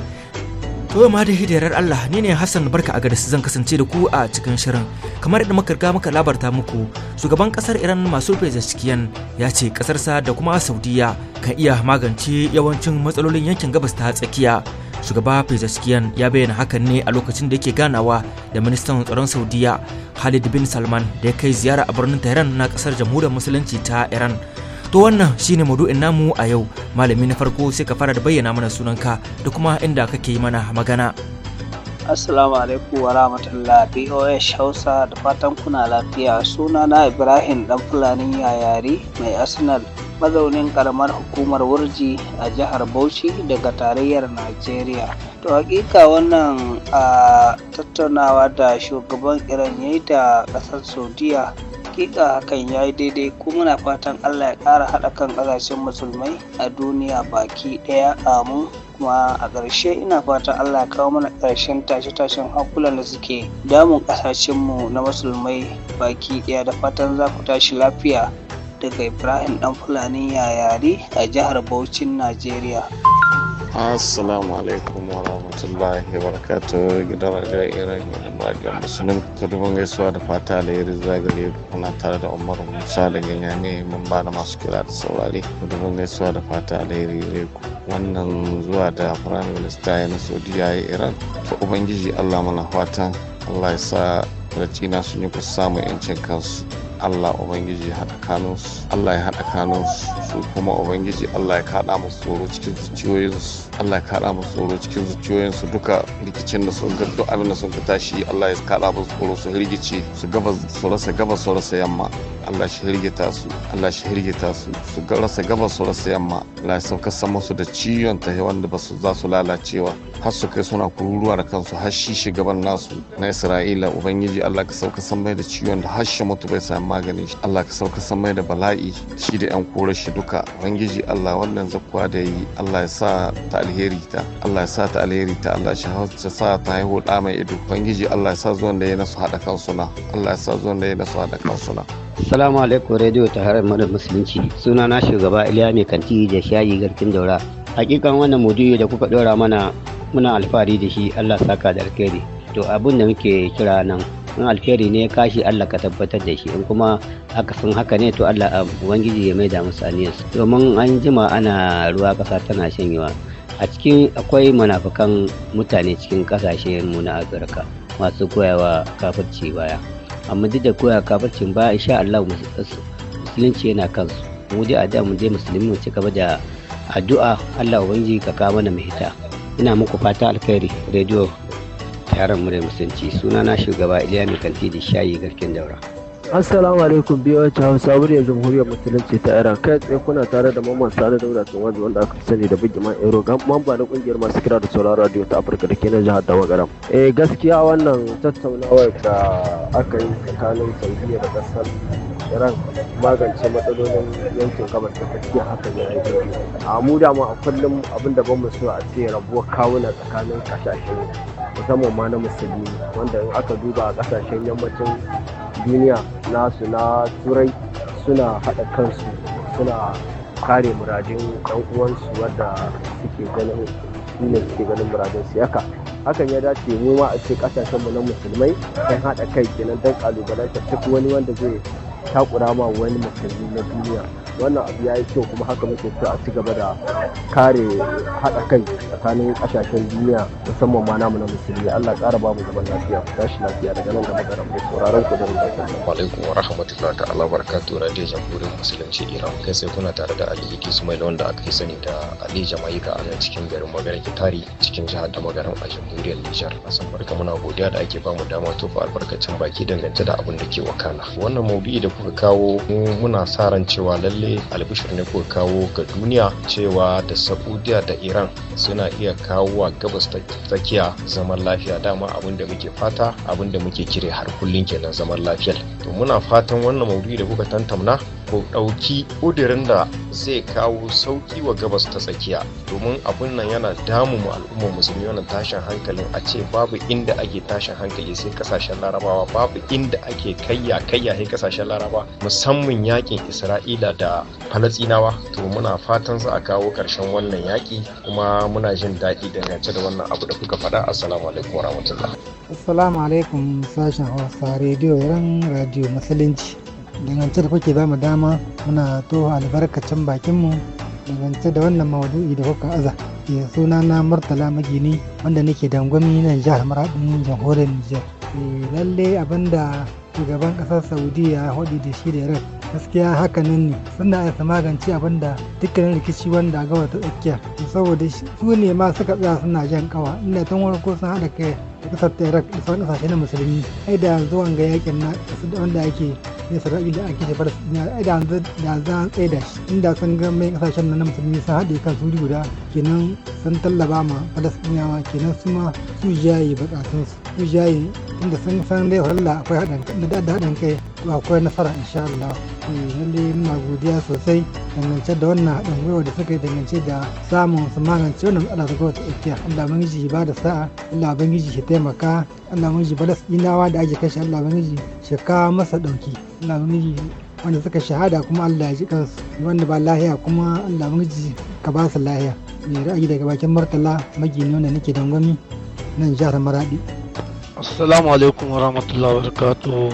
To ma da hidirar Allah ni ne Hassan Barka a zan kasance da ku a cikin shirin. Kamar yadda muka riga muka labarta muku, shugaban kasar Iran masu Pezeshkian ya ce kasarsa da kuma Saudiya kan iya magance yawancin matsalolin yankin gabas ta tsakiya. Shugaba Pezeshkian ya bayyana hakan ne a lokacin da yake ganawa da ministan tsaron Saudiya Khalid bin Salman da ya kai ziyara a birnin Tehran na kasar Jamhuriyar Musulunci ta Iran. To wannan shine maudu'in namu a yau. Malami na farko sai ka fara da bayyana mana sunanka da kuma inda kake yi mana magana. Assalamu alaikum wa rahmatullahi BOH Hausa da fatan kuna lafiya sunana Ibrahim dan Fulani Yayari mai Arsenal mazaunin karamar hukumar Wurji a jihar Bauchi daga tarayyar Najeriya. To hakika wannan a tattaunawa da shugaban Iran yayi da kasar Saudiya hakika hakan ya yi daidai kuma muna fatan allah ya ƙara haɗa kan ƙasashen musulmai a duniya baki ɗaya mu kuma a ƙarshe ina fatan allah ya kawo mana ƙarshen tashe-tashen hankulan da suke damun ƙasashenmu na musulmai baki ɗaya da fatan za ku tashi lafiya daga Ibrahim ɗan Fulani Yayari a jihar Bauchin, Najeriya. Assalamu alaikum wa rahmatullahi wa barakatu gidan rajin irin rajin musulun kudin gaisuwa da fata da yiri zagale kuna tare da umar musa da ganya ne mun ba da masu kira da saurare kudin gaisuwa da fata da yiri wannan zuwa da firayim minista ya na saudiya ya iran ta ubangiji allah mana fatan allah ya sa da sun yi kusa samun yancin kansu Allah Ubangiji ya haɗa kanunsu Allah ya haɗa kanunsu su kuma Ubangiji Allah ya kaɗa musu tsoro cikin zuciyoyinsu Allah ya kaɗa musu tsoro cikin zuciyoyinsu duka rikicin da sun ga duk abin da sun ka tashi Allah ya kaɗa musu tsoro su hirgice su gabas su rasa gabas su rasa yamma Allah shi hirgita su Allah shi hirgita su su rasa gabas su rasa yamma Allah ya saukar su da ciwon ta wanda ba su za su lalacewa har su kai suna kururuwa da kansu har shi shugaban nasu na isra'ila ubangiji allah ka sauka san mai da ciwon da har shi mutu bai sami magani. allah ka sauka san mai da bala'i shi da yan kore shi duka ubangiji allah wannan zakwa da yi allah ya sa ta alheri ta allah ya sa ta alheri ta allah ya sa ta haihu da mai ido ubangiji allah ya sa zuwan da ya nasu haɗa kansu na allah ya sa zuwan da ya nasu haɗa kansu na Salamu alaikum Radio Taharar Madar Musulunci. Suna na shugaba Iliya Mai Kanti da Shayi Garkin Daura. Hakikan wannan mudiyo da kuka ɗora mana muna alfahari da shi Allah saka da alkhairi to abin da muke kira nan in alkhairi ne kashi Allah ka tabbatar da shi in kuma aka san haka ne to Allah um, ubangiji ya maida musu aniyarsu domin an jima ana ruwa kasa tana shanyewa a cikin akwai munafukan mutane cikin kasashen mu na Afirka masu koyawa kafirci baya amma duk da koya kafircin baya insha Allah musulunci yana kansu mu dai a da mu je musulmi mu ci gaba da addu'a Allah ubangiji ka kawo mana mahita ina muku fata alkhairi rediyo taron mu da musanci sunana shugaba iliya mai kanti da shayi garken daura Assalamu alaikum ta Hausa muryar Jamhuriyar Musulunci ta Iran kai tsaye kuna tare da Mamman Sani Dauda Tunwaji wanda aka sani da man Ero gan mamba na kungiyar masu kira da sauraron radio ta Afirka da ke nan jihar Garam. Eh gaskiya wannan tattaunawar da aka yi tsakanin Saudiya da kasar Iran magance matsalolin yankin gabas ta tsakiya haka ne a yi. A mu da mu a kullum abin da ban mu so a ce rabuwar kawuna tsakanin kasashen musamman ma na musulmi wanda in aka duba a kasashen yammacin duniya nasu na turai suna haɗa kansu suna kare muradin ɗan uwansu wadda suke ganin su ne suke ganin muradin su yaka hakan ya dace mu ma a ce mu na musulmai don haɗa kai kenan don ƙalubalantar duk wani wanda zai takura ma wani musulmi na duniya wannan abu ya yi kyau kuma haka muke so a ci gaba da kare haɗa kai tsakanin ƙasashen duniya musamman ma namu na musulmi Allah ƙara ba mu zaman lafiya ku tashi lafiya daga nan gaba da rabu sauraron ku da mu wa alaikum wa rahmatullahi ta'ala barakatuh radio jamhuriyar musulunci Iran kai sai kuna tare da Ali Ismail wanda aka yi sani da Ali ga a cikin garin Magana Kitari cikin jihar da magaran a jamhuriyar Nijar asan barka muna godiya da ake bamu dama tofa albarkacin baki dangance da abin da ke wakana wannan maudu'i da kuka kawo muna sa ran cewa lalle dai albishir ne kuka kawo ga duniya cewa da saudiya da iran suna iya kawo wa gabas ta tsakiya zaman lafiya dama abin da muke fata abin da muke kire har kullum kenan zaman lafiyar to muna fatan wannan maudu'i da kuka tantamna ku ɗauki ƙudurin da zai kawo sauƙi wa gabas ta tsakiya domin abin nan yana damu mu al'ummar musulmi wannan tashin hankalin a ce babu inda ake tashin hankali sai kasashen larabawa babu inda ake kayya kayya sai kasashen laraba musamman yakin isra'ila da falastinawa to muna fatan za a kawo ƙarshen wannan yaƙi kuma muna jin daɗi dangance da wannan abu da kuka faɗa assalamu alaikum wa rahmatullah assalamu alaikum sashen hausa rediyo ran radio musulunci dangance da kuke ba mu dama muna to albarkacin bakinmu dangance da wannan maudu'i da kuka aza ke eh, suna na murtala magini wanda nake dangwami nan jihar maradin jamhuriyar nijar eh, lalle abinda shugaban kasar saudiya ya hudu da shi da iran gaskiya haka nan ne suna isa magance abin da dukkanin rikici wanda a ta tsakiya saboda su ne ma suka tsaya suna jan kawa inda tun wani ko sun haɗa kai kasar iraq da sauran kasashe na musulmi ai da zuwan ga yakin na wanda ake ne sarari da ake shafar ai da yanzu da za a tsaye da shi inda sun ga mai kasashen na musulmi sun haɗe kan su guda kenan sun tallaba ma falastiniyawa kenan su ma su jaye bukatun su jaye inda sun san dai horar akwai haɗin kai da haɗin kai akwai nasara insha Allah eh, lalle muna godiya sosai dangance da wannan haɗin gwiwa da suka yi dangance da samun su magance wannan matsala ta kowace tsakiya Allah ji ba da sa'a Allah ji shi taimaka Allah bangiji ba da inawa da ake kashe Allah ji shi kawo masa ɗauki Allah ji wanda suka shahada kuma Allah ya ji kansu wanda ba lahiya kuma Allah ji ka ba su lahiya mai ra'ayi daga bakin martala magini wanda nake dangwami nan jihar maradi assalamu alaikum wa barakatuhu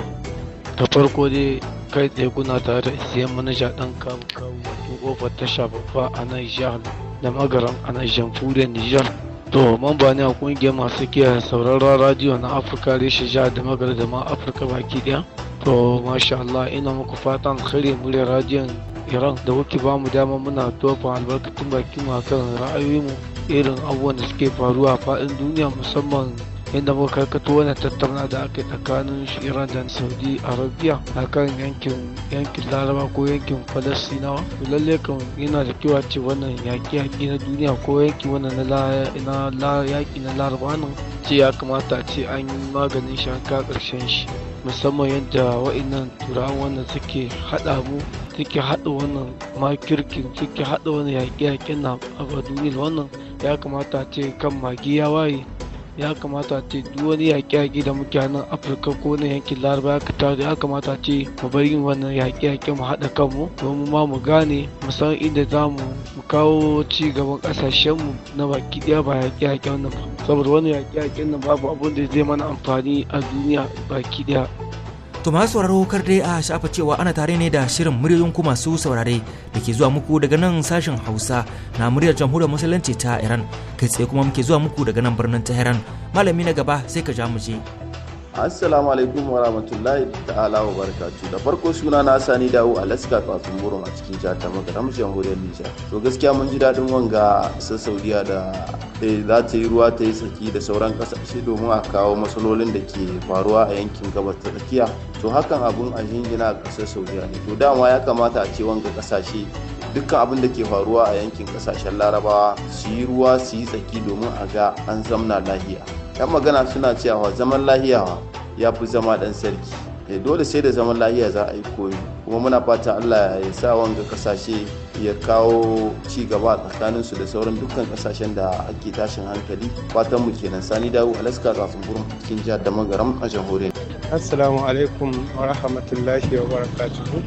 ta farko dai kai tsaye kuna tare da isiyan manaja dan kawo kawo wato kofar tasha babba a nan jihar da magaran a nan jamhuriyar nijar to mamba ne a kungiyar masu kiyaye sauraron radiyo na afirka reshe jihar da magar da ma afirka baki daya to masha allah ina muku fatan alkhairi murya radiyon iran da kuke ba mu dama muna tofa albarkatun baki mu akan ra'ayoyinmu irin abubuwan da suke faruwa a faɗin duniya musamman inda muka kato wani tattauna da aka tsakanin iran da saudi arabia a yankin yankin laraba ko yankin falastinawa lalle kan yana da kyau ce wannan yaƙi yaƙi na duniya ko yanki wannan na yaƙi na laraba nan ce ya kamata ce an yi maganin shi kawo ƙarshen shi musamman yadda wa'innan turawan wannan suke haɗa mu suke haɗa wannan makirkin suke haɗa wannan yaƙe-yaƙen na a duniyar wannan ya kamata ce kan magi ya waye ya kamata a ce duk wani yaƙe-yaƙe da muke nan afirka ko na yankin laraba ya kata ya kamata a ce mu bar yin wannan yaƙe-yaƙe mu haɗa kanmu domin ma mu gane mu san inda za mu kawo ci gaban ƙasashenmu na baki ɗaya ba yaƙe-yaƙen nan ba saboda wani yaƙe-yaƙen nan babu abin da zai mana amfani a duniya baki ɗaya To masu sauraro kar dai a shafa cewa ana tare ne da shirin muryoyin ku masu saurare da ke zuwa muku daga nan sashen Hausa na muryar jamhuriyar musulunci ta Iran kai tsaye kuma muke zuwa muku daga nan birnin Tehran malami na gaba sai ka ja mu je. assalamu alaikum wa rahmatullahi ta'ala wa barakatu da farko suna na sani dawo a laska kafin burin a cikin jihar ta makaram jamhuriyar nijar to gaskiya mun ji daɗin wanga saudiya da eh, za ta yi ruwa ta yi saki da sauran ƙasashe domin a kawo matsalolin da ke faruwa a yankin gabas ta tsakiya to hakan abun a jingina a ƙasar saudiya ne to dama ya kamata a ce wanga ƙasashe dukkan abin da ke faruwa a yankin ƙasashen larabawa su yi ruwa su yi tsaki domin a ga an zamna lahiya yan magana suna cewa zaman lahiya ya fi zama dan sarki eh, dole sai da zaman lahiya za a yi koyi kuma muna fatan allah ya sa wanga kasashe ya kawo ci gaba tsakanin su da sauran dukkan kasashen da ake tashin hankali fatan mu kenan sani dawo alaska kafin burin cikin jihar da magaram a jamhuriyar assalamu alaikum wa rahmatullahi wa barakatuhu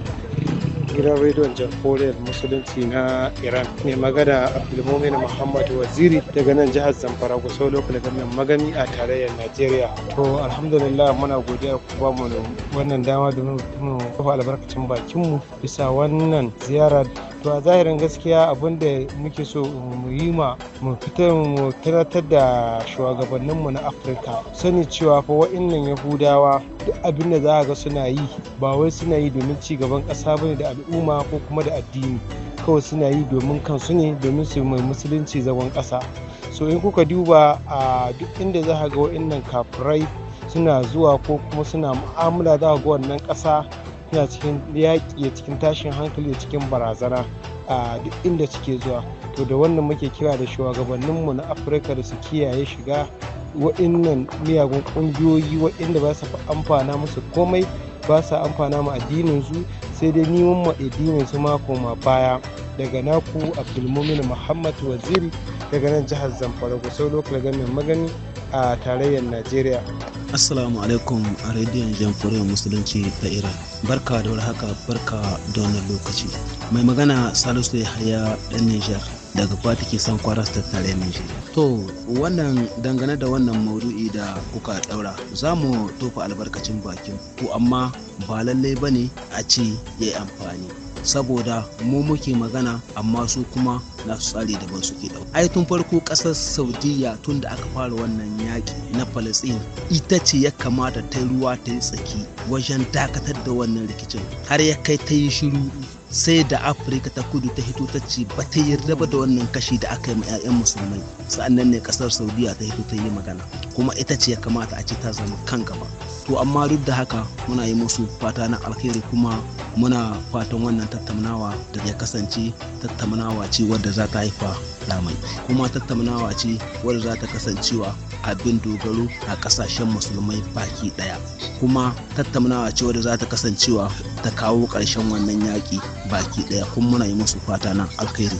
gidan rediyon jamhuriyar musulunci na iran mai magana abdulmumin muhammad waziri daga nan jihar zamfara lokacin lokal gamin magani a tarayyar najeriya to alhamdulillah muna godiya ku ba mu wannan dama domin mu kafa albarkacin bakinmu bisa wannan ziyarar to a zahirin gaskiya abin da muke so mu yi ma mu fita mu tunatar da shugabanninmu na afirka sani cewa fa wa'annan yahudawa duk abin da za a ga suna yi ba wai suna yi domin ci gaban ƙasa bane da al'umma ko kuma da addini kawai suna yi domin kansu ne domin su mai musulunci zagon ƙasa so in kuka duba a duk inda za a ga wa'annan kafirai suna zuwa ko kuma suna mu'amala za ga wannan ƙasa suna cikin yaƙi cikin tashin hankali cikin barazana a duk inda suke zuwa to da wannan muke kira da shugabanninmu na afirka da su kiyaye shiga wa'innan miyagun ƙungiyoyi wa'inda ba su amfana musu komai ba su amfana mu addinin su sai dai neman ma addinin su mako ma baya daga naku abdulmumin muhammad waziri daga nan jihar zamfara gusau lokal ganin magani a tarayyar najeriya Assalamu alaikum a rediyon jamhuriyar musulunci ta Iran. Barka da haka barka da wannan lokaci. Mai magana Salisu Yahaya ɗan niger daga fata ke son kwaras ta tare niger To wannan dangane da wannan maudu'i da kuka daura, za mu tofa albarkacin bakin ku amma ba lallai ba ne a ce ya yi amfani. saboda mu muke magana amma su kuma na su tsari daban suke ɗau. ai tun farko ƙasar saudiya tun da aka fara wannan yaƙi na palestine ita ce ya kamata ta yi ruwa ta yi tsaki wajen dakatar da wannan rikicin har ya kai ta yi shiru sai da afirka ta kudu ta hito ta ce ba ta yarda ba da wannan kashi da aka yi ma 'ya'yan musulmai sa'annan ne kasar saudiya ta hito ta yi magana kuma ita ce ya kamata a ce ta zama kan gaba to amma duk da haka muna yi musu fata na alheri kuma muna fatan wannan tattaunawa da ya kasance tattaunawa ce wadda za ta haifa kuma tattaunawa ce wadda za ta kasancewa abin dogaro a kasashen musulmai baki daya kuma tattaunawa ce wadda za ta kasancewa ta kawo ƙarshen wannan yaƙi baki daya kuma muna yi musu fata na alkhairi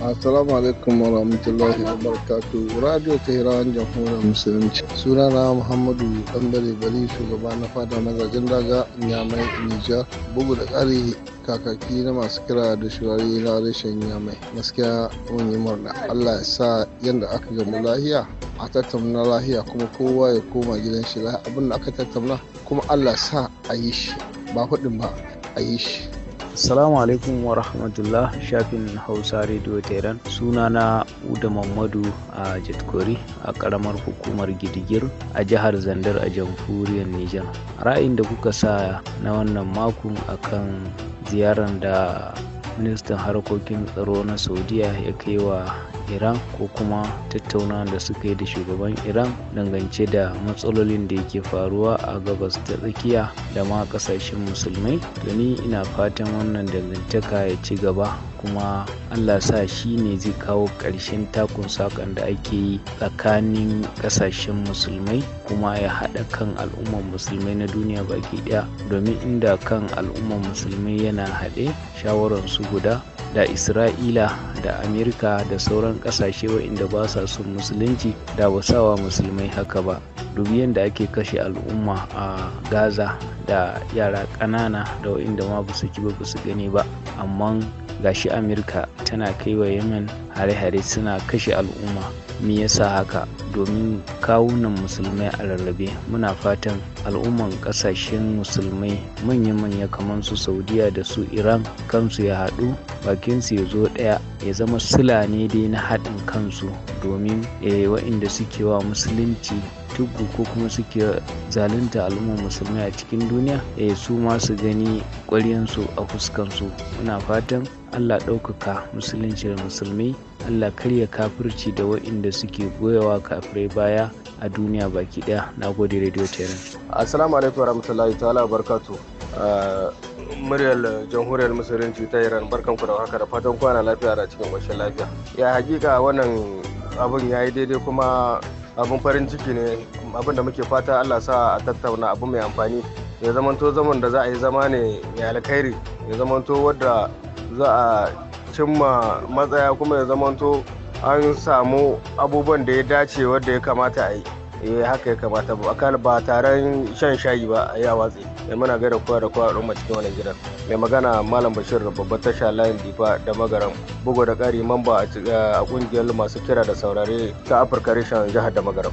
Assalamu alaikum wa rahmatullahi wa barakatuh. Radio Tehran Jamhuriyar Musulunci. Sunana Muhammadu Dambare Bari shugaba na fada mazajen daga Nyamai Nijar. Bugu da ƙari kakaki na masu kira da shirari na rashin Nyamai. Gaskiya mun yi murna. Allah ya sa yadda aka gamu lahiya a tattauna lahiya kuma kowa ya koma gidan shi lahiya abin da aka tattauna kuma Allah sa a yi shi ba faɗin ba a yi shi. Assalamu alaikum wa rahmatullah shafin Hausa Radio Tehran suna na Uda Mamadu a Jatkori a karamar hukumar Gidigir a jihar Zandar a jamhuriyar Nijar. Ra'ayin da kuka sa na wannan makon akan ziyarar da ministan harkokin tsaro na Saudiya ya kai wa iran ko kuma tattauna da suka yi da shugaban iran dangance da matsalolin da yake faruwa a gabas ta tsakiya da ma kasashen musulmai to ni ina fatan wannan dangantaka ya ci gaba kuma allah sa shi ne zai kawo ƙarshen takun sakan da ake yi tsakanin kasashen musulmai kuma ya haɗa kan al'umman musulmai na duniya baki ɗaya domin inda kan al'umman musulmai yana haɗe shawararsu guda da isra'ila da amerika da sauran kasashe waɗanda ba sa son musulunci da ba sawa musulmai haka ba dubi yadda ake kashe al'umma a gaza da yara ƙanana da waɗanda ma ba su ji ba su gani ba amma gashi amerika tana kai wa yemen hare-hare suna kashe al'umma me yasa haka domin kawunan musulmai a rarrabe muna fatan al'umman kasashen musulmai manyan manya kamar su saudiya da su iran kansu ya haɗu bakinsu ya zo ɗaya ya zama sula ne dai na haɗin kansu domin eh, waɗanda suke wa musulunci tubu ko kuma suke zalunta al'ummar musulmai a cikin duniya eh, su ma su gani ƙwaryansu a fuskansu muna fatan allah ɗaukaka musulunci da musulmai Allah karya kafirci da waɗanda suke goyawa kafirai baya a duniya baki ɗaya, na gode radio terrain assalamu alaikum warahmatullahi ta'ala barkatu ah, muryar jamhuriyar musulunci ta iran barkan ku da haka da fatan kwana lafiya da cikin ƙoshin lafiya ya hakika wannan abun ya yi daidai kuma abun farin ciki ne abin da muke fata allah sa a tattauna abu mai amfani ya zamanto zaman da za a yi zama ne mai alkhairi ya zamanto wadda za a cimma matsaya kuma ya zamanto an samu abubuwan da ya dace wadda ya kamata a yi eh, haka ya kamata ba akal ba taron shan shayi ba a yawa a watsi mai eh, muna gaida kowa da kowa a cikin wannan gidan mai magana malam bashir babbar tasha layin difa da magaram bugu da ƙari mamba a kungiyar eh, masu kira da saurare ta afirka reshen jihar da magaram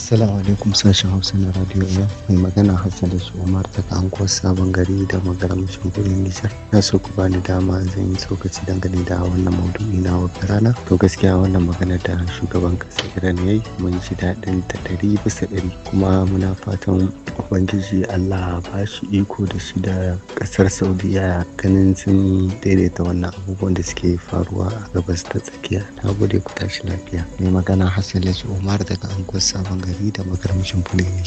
Assalamu alaikum sashen Hausa na Radio ya Mai magana Hassan da su Umar daga Anko Sabon Gari da Magaram kudin Nijar. Na so ku bani dama zan yi tsokaci dangane da wannan maudu'i na wata rana. To gaskiya wannan magana da shugaban kasa Iran ya yi mun ji daɗin ta ɗari bisa ɗari kuma muna fatan Ubangiji Allah ba shi iko da shi da ƙasar Saudiya ganin sun daidaita wannan abubuwan da suke faruwa a gabas ta tsakiya. Na gode ku tashi lafiya. Mai magana Hassan da su Umar daga Anko Sabon Gari. gari da makarmashin fulani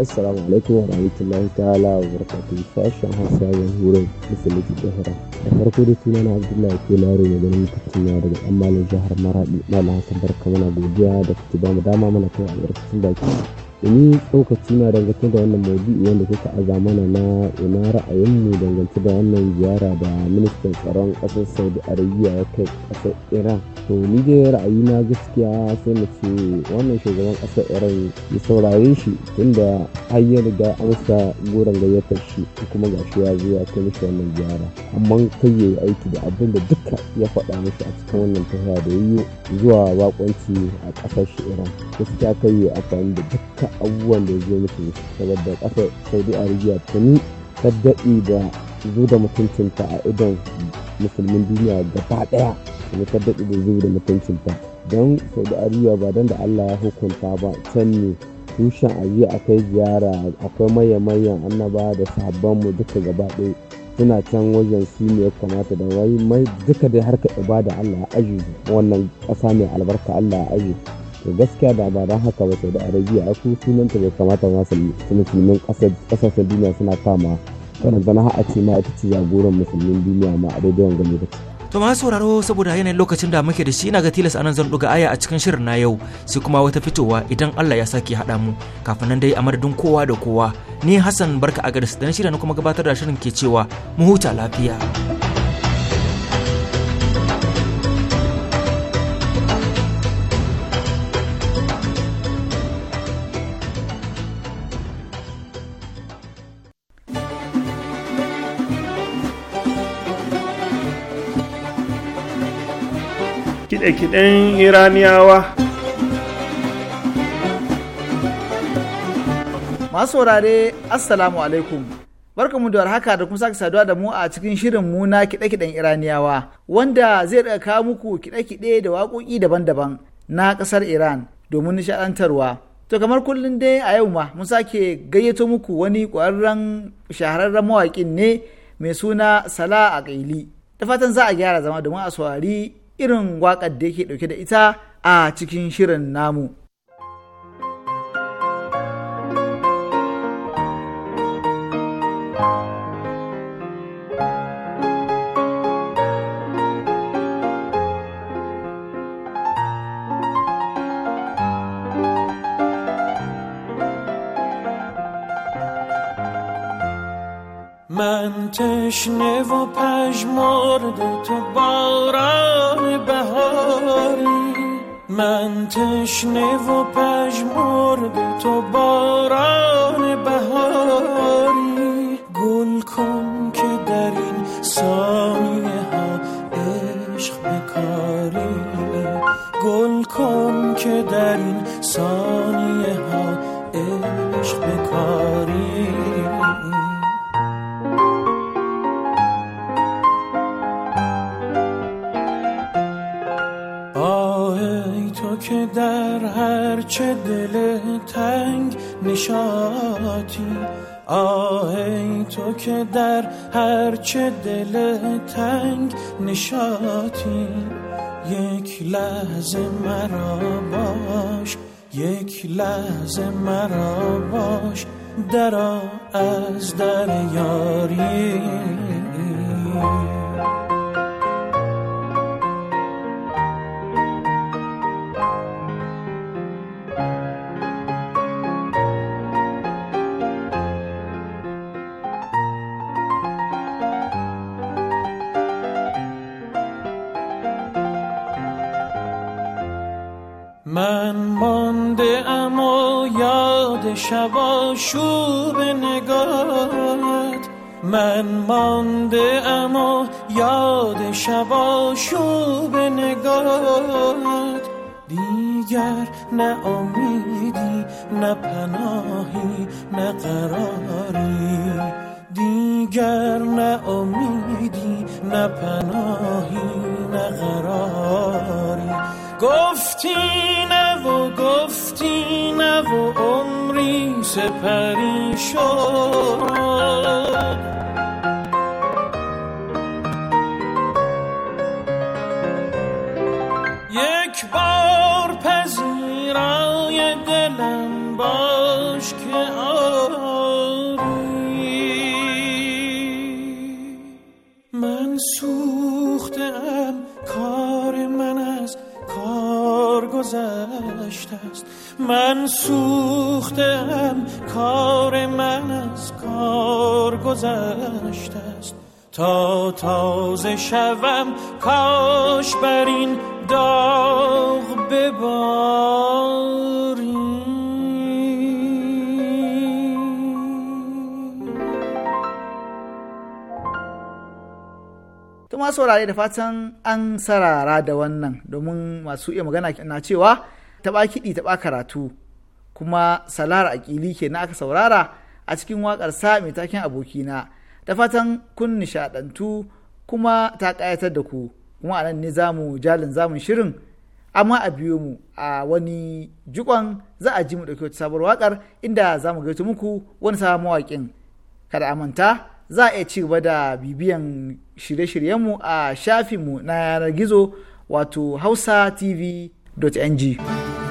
assalamu alaikum wa rahmatullahi ta'ala wa barakatuhu sashen hausa ya musulmi musulunci jihar da farko da tuna na abdullahi ke laro ne ganin mutum ya daga dan malin jihar maradi malam hassan barka mana godiya da kuke ba mu dama mana kai albarkacin baki ni tsokaci na dangance da wannan maudu'i wanda kuka a zamana na ina ra'ayinmu dangance da wannan ziyara da ministan tsaron ƙasar saudi arabia ya kai ƙasar iran to ni dai na gaskiya sai mu ce wannan shugaban ƙasar iran ya saurare shi tunda har ya riga amsa goron gayyatar shi kuma ga shi ya zo ya kai mishi wannan ziyara amma kai ya yi aiki da abin da duka ya faɗa mishi a cikin wannan tafiya da ya yi zuwa bakonci a ƙasar shi iran gaskiya kai ya amfani da duka abubuwan da ya zo musu saboda kasa saudi arabia tuni ta daɗe da zo da mutuncinta a idon musulmin duniya gaba ɗaya kuma ta daɗe da zo da mutuncinta don saudi arabia ba don da allah ya hukunta ba can ne tushen aji akai ziyara akwai maye mayan annaba da sabon mu duka gaba ɗaya suna can wajen su ne ya kamata da wai mai duka dai harka ibada Allah ya aji wannan ƙasa mai albarka Allah ya aji da gaskiya da ba don haka ba saudi arabia a su sunanta bai kamata ma musulmin kasashen duniya suna kama karanta zana a ce ma ita ce jagoran musulmin duniya ma a daidai wanga lokaci to ma sauraro saboda yanayin lokacin da muke da shi ina ga tilas anan zan ɗuga aya a cikin shirin na yau sai kuma wata fitowa idan Allah ya sake haɗa mu kafin nan dai a madadin kowa da kowa ni Hassan barka a garis shirya na kuma gabatar da shirin ke cewa mu huta lafiya. kide-kiden iraniyawa masu wurare assalamu alaikum mu da warhaka da kuma sake saduwa da mu a cikin shirin mu na kiɗe-kiɗen iraniyawa wanda zai daga kawo muku kiɗe-kiɗe da waƙoƙi daban-daban na ƙasar iran domin nishaɗantarwa to kamar kullum dai a yau ma mun sake gayyato muku wani ƙwararren shahararren mawaƙin ne mai suna sala a ƙaili da fatan za a gyara zama domin a saurari irin waƙar da yake ɗauke da ita a cikin shirin namu. تشنه و مورد تو باران بهاری من تشنه و مرده تو باران بهاری گل کن که در این ثانیه ها عشق بکاری گل کن که در این ثانیه ها عشق بکاری در چه دل تنگ نشاتی آهی تو که در هر چه دل تنگ نشاتی یک لحظه مرا باش یک لحظه مرا باش درا از در یاری من مانده اما یاد شبا شوب نگات من مانده اما یاد شبا شوب نگات دیگر نه امیدی نه پناهی نه قراری دیگر نه امیدی نه پناهی نه قراری گفتی سپری شد من سوختم کار من از کار گذشته است تا تازه شوم کاش بر این داغ بباری saurare da fatan an sarara da wannan domin masu iya magana na cewa taɓa kiɗi taɓa karatu kuma salar ƙili ke na aka saurara a cikin waƙar sa mai taken abokina da fatan kun nishaɗantu kuma ta ƙayatar da ku kuma anan ne zamu jalin zamun shirin amma a biyo mu a wani jikon za a ji mu ɗauki wata sabuwar waƙar inda za mu gaito muku wani sabon mawaƙin kada amanta za a iya ci gaba da bibiyan shirye-shiryenmu a shafinmu na yanar gizo wato hausa tv www.ng.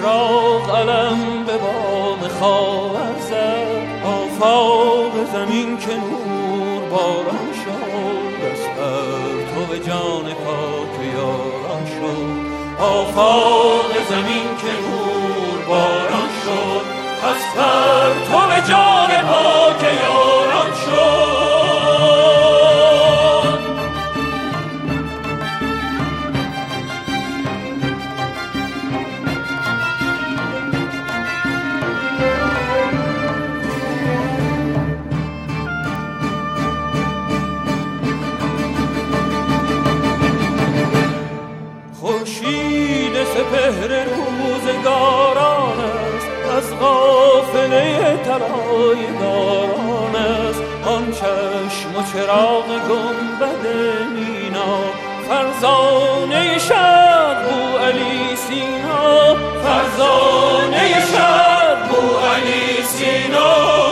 را قلم به بام خواهر زد آفاق زمین که نور باران شد از تو جان پاک یاران شد آفاق زمین که نور باران شد از تو جان پاک یاران چراغ گنبد مینا فرزانه شد بو علی سینا فرزانه شد بو علی سینا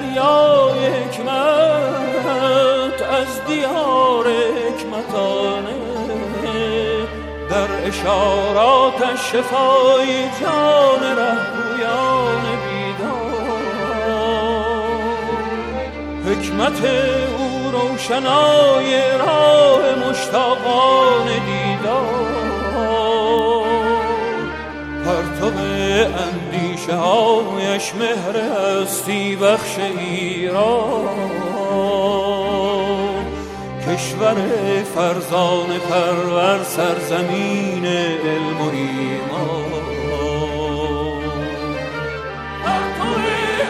دریا حکمت از دیار حکمتانه در اشارات شفای جان رهگویان بیدار حکمت او روشنای راه مشتاقان دیدار پرتو که آیش مهر هستی بخش ایران کشور فرزان پرور سرزمین علم و ایمان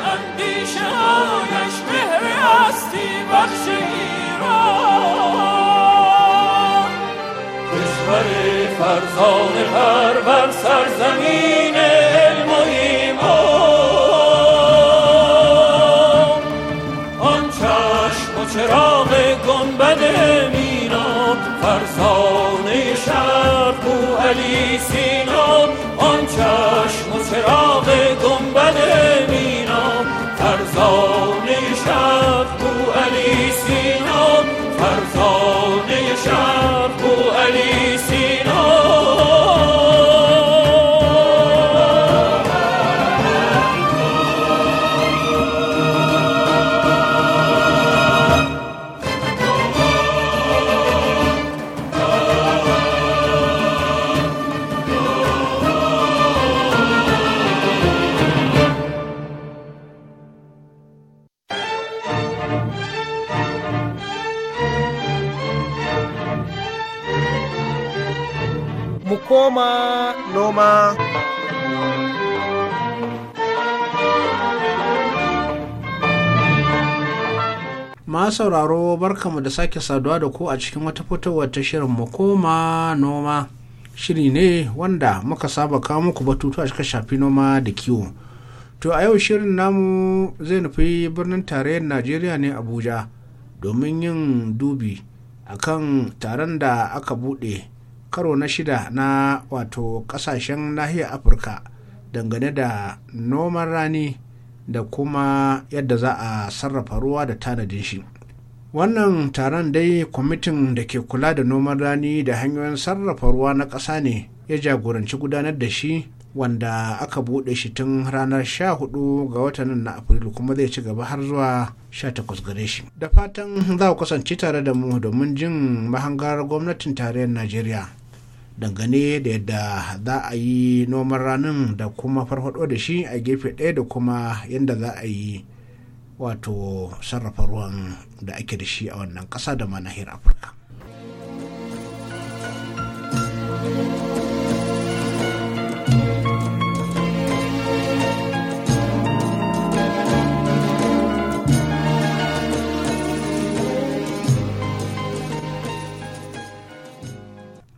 اندیش مهر هستی بخش ایران کشور فرزان پرور سرزمین فرزانه شب بو علی سینا آن چشم و چراغ گنبده sauraro barkamu da sake saduwa da ku a cikin wata fitowar ta shirin mu koma noma shiri ne wanda muka saba kawo muku batutu a cikin shafi noma da kiwo to a yau shirin namu zai nufi birnin tarayyar najeriya ne abuja domin yin dubi akan taron da aka bude karo na shida na wato ƙasashen nahiyar afirka dangane da noman rani da kuma yadda za a sarrafa ruwa da tanadin shi wannan taron dai kwamitin da ke kula da noman rani da hanyoyin sarrafa ruwa na ƙasa ne ya jagoranci gudanar da shi wanda aka buɗe shi tun ranar 14 ga watan na afrilu kuma zai ci gaba har zuwa 18 gare shi da fatan za ku kasance tare da mu domin jin mahangar gwamnatin tarayyar najeriya dangane da yadda za a yi noman ranin da kuma farfado da shi a gefe ɗaya da kuma yadda za a yi wato sarrafa ruwan da ake da shi a wannan ƙasa da manahir afirka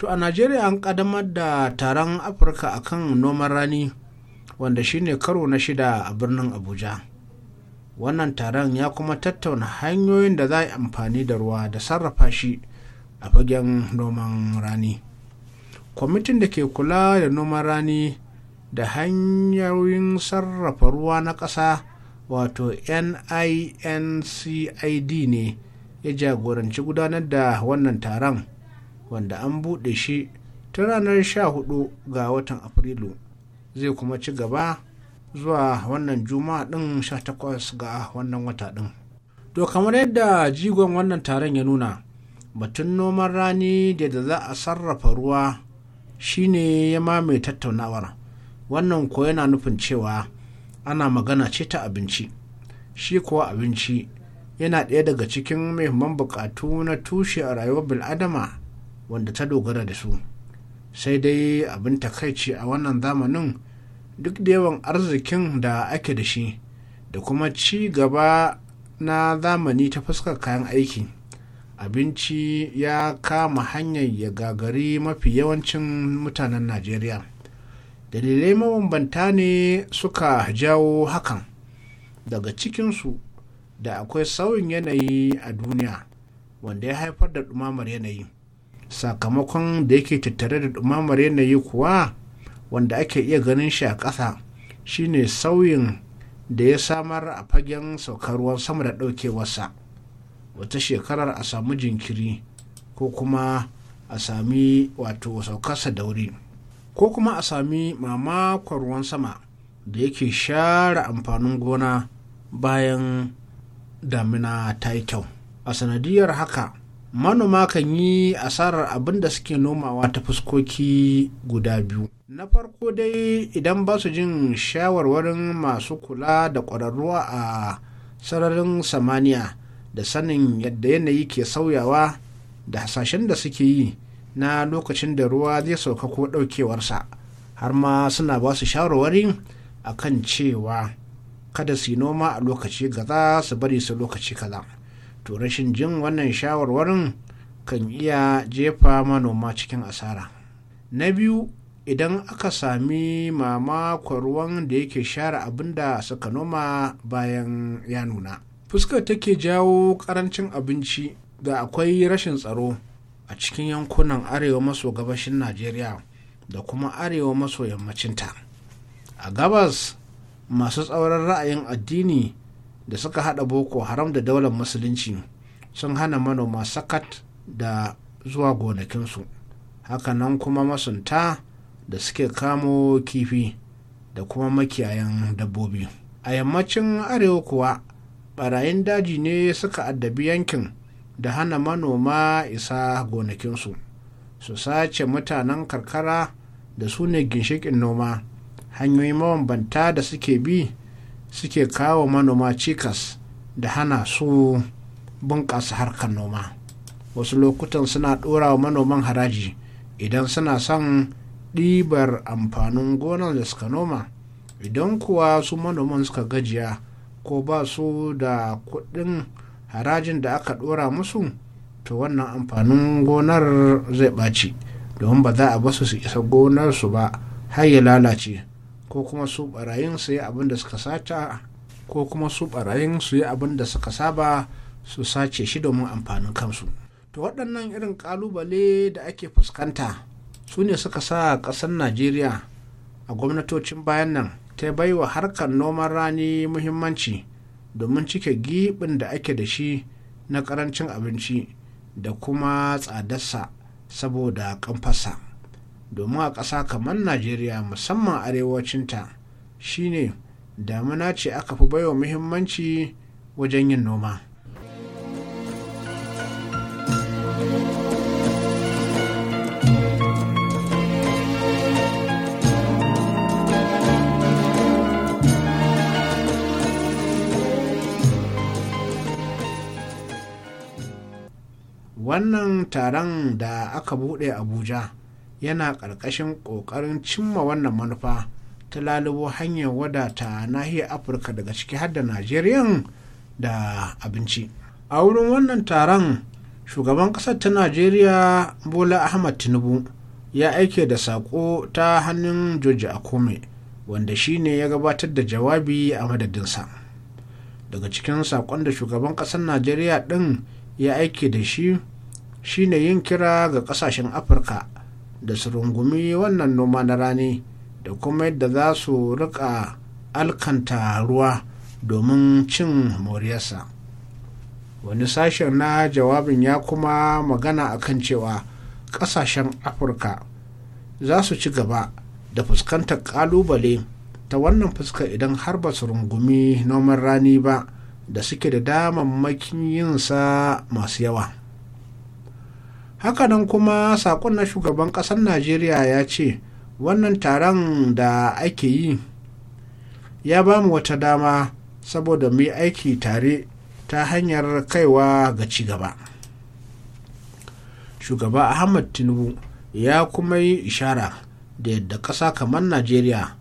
To a Najeriya an kadamar da taron Afirka akan noman rani wanda shine karo na shida a birnin Abuja. wannan taron ya kuma tattauna hanyoyin da za a yi amfani da ruwa da sarrafa shi a fagen noman rani kwamitin da ke kula da noman rani da hanyoyin sarrafa ruwa na ƙasa wato nincid ne ya jagoranci gudanar da wannan taron wanda an buɗe shi ta ranar 14 ga watan afrilu zai kuma ci gaba zuwa wannan juma'a ɗin 18 ga wannan wata ɗin. To kamar yadda jigon wannan taron ya nuna batun noman rani da da za a sarrafa ruwa shine ya mai tattaunawar wannan ko yana nufin cewa ana magana ce ta abinci shi kuwa abinci yana ɗaya daga cikin muhimman buƙatu na tushe a rayuwar bil'adama wanda ta dogara da su sai dai abin takaici a wannan zamanin duk da yawan arzikin da ake da shi da kuma ci gaba na zamani ta fuskar kayan aiki abinci ya kama hanyar ya gagari mafi yawancin mutanen najeriya dalilai mabambanta ne suka jawo hakan daga cikinsu da akwai sauyin yanayi a duniya wanda ya haifar da ɗumamar yanayi sakamakon da yake tattare da ɗumamar yanayi kuwa wanda ake iya ganin shi a ƙasa shine sauyin da ya samar a fagen saukar ruwan sama da ɗaukewarsa wata shekarar a samu jinkiri ko kuma a sami wato saukarsa da ko kuma a sami mamakon ruwan sama da yake share amfanin gona bayan damina ta yi kyau a sanadiyar haka manoma kan yi asarar abin da suke nomawa ta fuskoki guda biyu na farko dai idan ba su jin shawarwarin masu kula da ƙwararru a sararin samaniya da sanin yadda yanayi ke sauyawa da hasashen da suke yi na lokacin da ruwa zai sauka ko ɗaukewarsa har ma suna ba su shawarwari akan cewa kada su yi noma a lokaci gaza su bari su lokaci kaza. to rashin jin wannan shawarwarin kan iya jefa manoma cikin asara na biyu idan aka sami mamakon ruwan da yake share abin da suka noma bayan ya nuna fuskar take jawo karancin abinci da akwai rashin tsaro a cikin yankunan arewa maso gabashin najeriya da kuma arewa maso yammacinta a gabas masu tsauran ra'ayin addini da suka hada boko haram da daular musulunci sun hana manoma sakat da zuwa gonakinsu hakanan kuma masunta da suke kamo kifi da kuma makiyayan dabbobi a yammacin arewa kuwa barayin daji ne suka addabi yankin da hana manoma isa gonakinsu su sace mutanen karkara da su ne ginshikin noma hanyoyi mabambanta da suke bi suke kawo manoma cikas da hana su bunƙasa harkar noma wasu lokutan suna ɗora wa manoman haraji idan suna son ɗibar amfanin gonar da suka noma idan kuwa su manoman suka gajiya ko ba su da kuɗin harajin da aka ɗora musu to wannan amfanin gonar zai ɓaci domin ba za a basu su isa gonar su ba har ya lalace ko kuma su barayin su yi abin da suka sata ko kuma su barayin su yi abin da suka saba su sace shi domin amfanin kansu to waɗannan irin ƙalubale da ake fuskanta su ne suka sa ƙasar najeriya a gwamnatocin bayan nan ta bai wa harkar noman rani muhimmanci domin cike giɓin da ake da shi na ƙarancin abinci da kuma tsadarsa saboda ƙamfarsa. domin a ƙasa kamar najeriya musamman arewacinta shine damuna ce aka fi baiwa muhimmanci wajen yin noma wannan taron da aka buɗe abuja yana ƙarƙashin ƙoƙarin cimma wannan manufa ta lalubo hanyar wadata nahiyar afirka daga ciki har da najeriya da abinci a wurin wannan taron shugaban ƙasar ta najeriya bola ahmad tinubu ya aike da saƙo ta hannun joji kome, wanda shine ya gabatar da jawabi a madadinsa daga cikin saƙon da shugaban ƙasar najeriya ɗin ya aike da shi shine yin kira ga ƙasashen afirka da su rungumi wannan noma na rani da kuma yadda za su rika alkanta ruwa domin cin moriyarsa wani sashen na jawabin ya kuma magana akan cewa kasashen afirka za su ci gaba da fuskantar kalubale ta wannan fuska idan har ba su rungumi noman rani ba da suke da damammakin yinsa masu yawa hakanan kuma sakon na shugaban kasar najeriya ya ce wannan taron da ake yi ya ba mu wata dama saboda mu yi aiki tare ta hanyar kaiwa ga ci gaba shugaba ahmad tinubu ya kuma yi ishara da yadda ƙasa kamar najeriya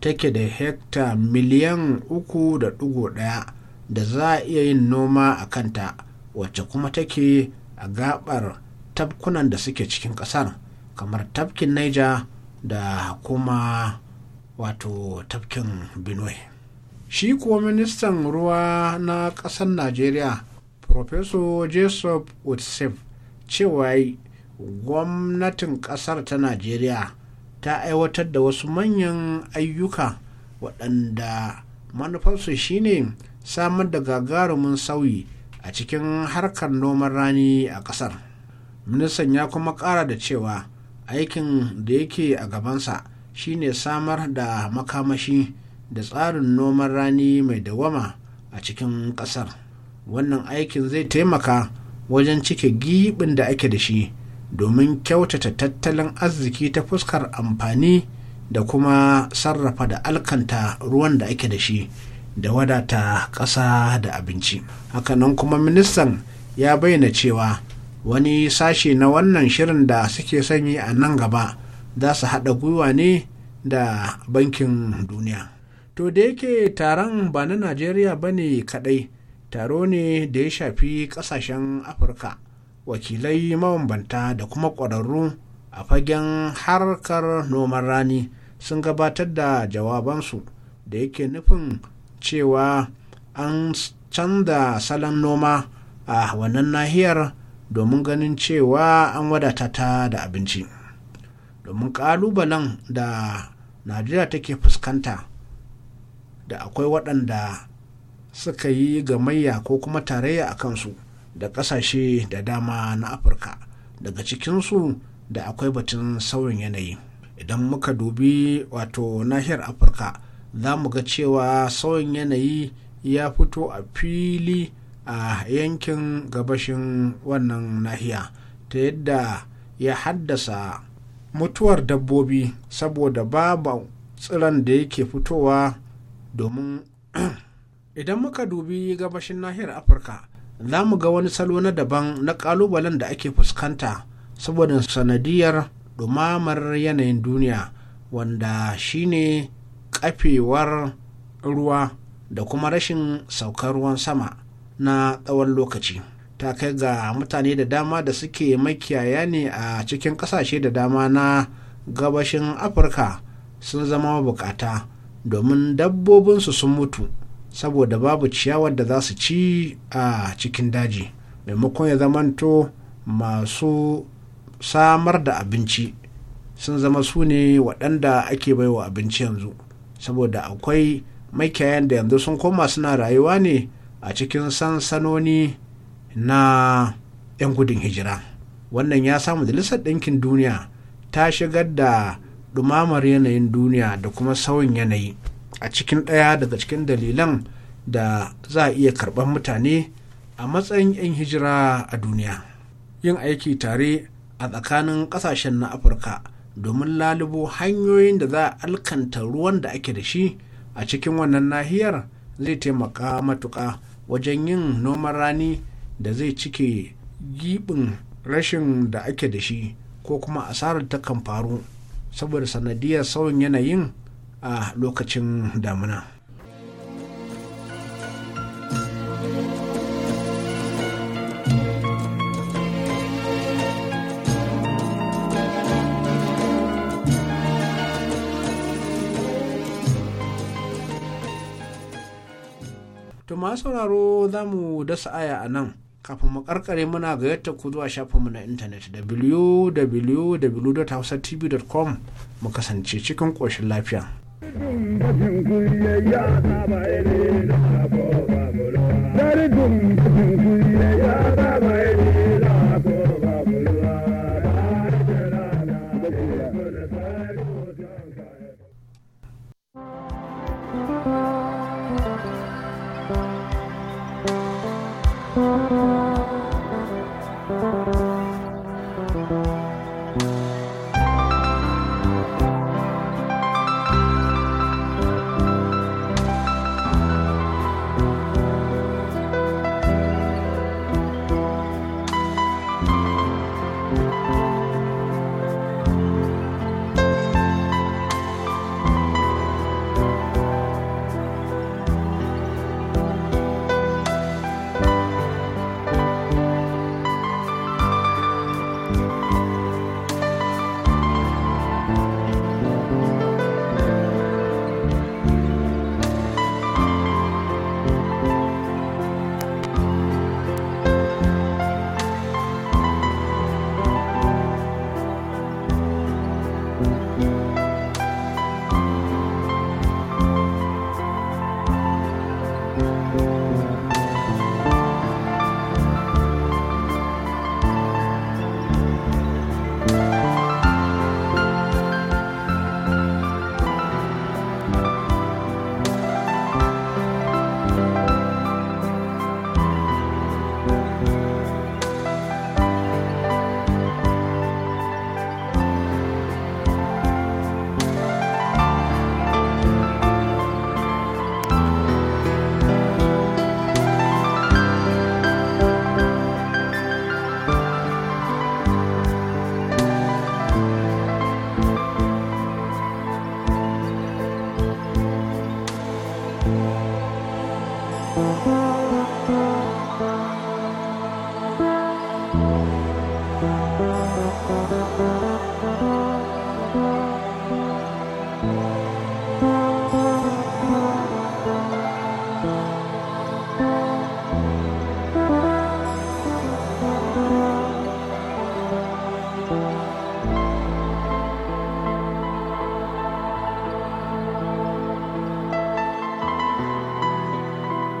take da hekta miliyan 3.1 da za a iya yin noma a kanta wacce kuma take a gabar tafkunan da suke cikin ƙasar kamar tafkin naija da kuma wato tafkin benue shi kuwa ministan ruwa na ƙasar najeriya profeso jesop utsef cewa gwamnatin ƙasar ta najeriya ta aiwatar da wasu manyan ayyuka waɗanda manufarsu shine samar da gagarumin sauyi a cikin harkar noman rani a ƙasar ministan ya kuma ƙara da cewa aikin da yake a gabansa shine samar da makamashi da tsarin noman rani mai dawama a cikin ƙasar wannan aikin zai taimaka wajen cike giɓin da ake da shi domin kyautata tattalin arziki ta fuskar amfani da kuma sarrafa da alkanta ruwan da ake da shi da wadata ƙasa da abinci hakanan kuma ministan ya bayyana cewa wani sashe na wannan shirin da suke sanyi a nan gaba za su haɗa gwiwa ne da bankin duniya to da yake taron ba na najeriya ba ne kaɗai taro ne da ya shafi ƙasashen afirka wakilai mabambanta da kuma ƙwararru a fagen harkar noman rani sun gabatar da jawabansu da yake nufin cewa an canza salon noma a wannan nahiyar domin ganin cewa an wadata ta da abinci domin kalubalen da najeriya take fuskanta da akwai waɗanda suka yi gamayya ko kuma tarayya a kansu da ƙasashe da dama na afirka daga cikinsu da akwai batun sauyin yanayi idan muka dubi wato nahiyar afirka za mu ga cewa sauyin yanayi ya fito a fili a yankin gabashin wannan nahiya ta yadda ya haddasa mutuwar dabbobi saboda babu tsiran da yake fitowa domin idan muka dubi gabashin nahiyar afirka za mu ga wani salo na daban na kalubalen da ake fuskanta saboda sanadiyar dumamar yanayin duniya wanda shine kafewar ruwa da kuma rashin saukar ruwan sama na tsawon lokaci ta kai ga mutane da dama da suke makiyaya ne a cikin kasashe da dama na gabashin afirka sun zama bukata domin dabbobinsu sun mutu saboda babu ciyawar da za su ci a cikin daji maimakon ya zamanto masu samar da abinci sun zama su ne waɗanda ake baiwa abinci yanzu saboda akwai makiyayan da yanzu sun koma suna rayuwa ne a cikin sansanoni na 'yan gudun hijira wannan ya sa majalisar ɗinkin duniya ta shigar da ɗumamar yanayin duniya da kuma sauyin yanayi a cikin ɗaya daga cikin dalilan da za a iya karɓar mutane a matsayin 'yan hijira a duniya yin aiki tare a tsakanin ƙasashen na afirka domin lalubo hanyoyin da za a alkanta ruwan da ake da shi a cikin wannan nahiyar zai taimaka matuƙa wajen yin noman rani da zai cike gibin rashin da ake da shi ko kuma asarar ta kan faru saboda sanadiyar sauyin yanayin a lokacin damuna to ma sauraro za mu dasa aya a nan kafin mu karkare muna ga yadda ku zuwa mu na intanet www.hausatv.com mu kasance cikin ƙoshin lafiya. Dari ya ya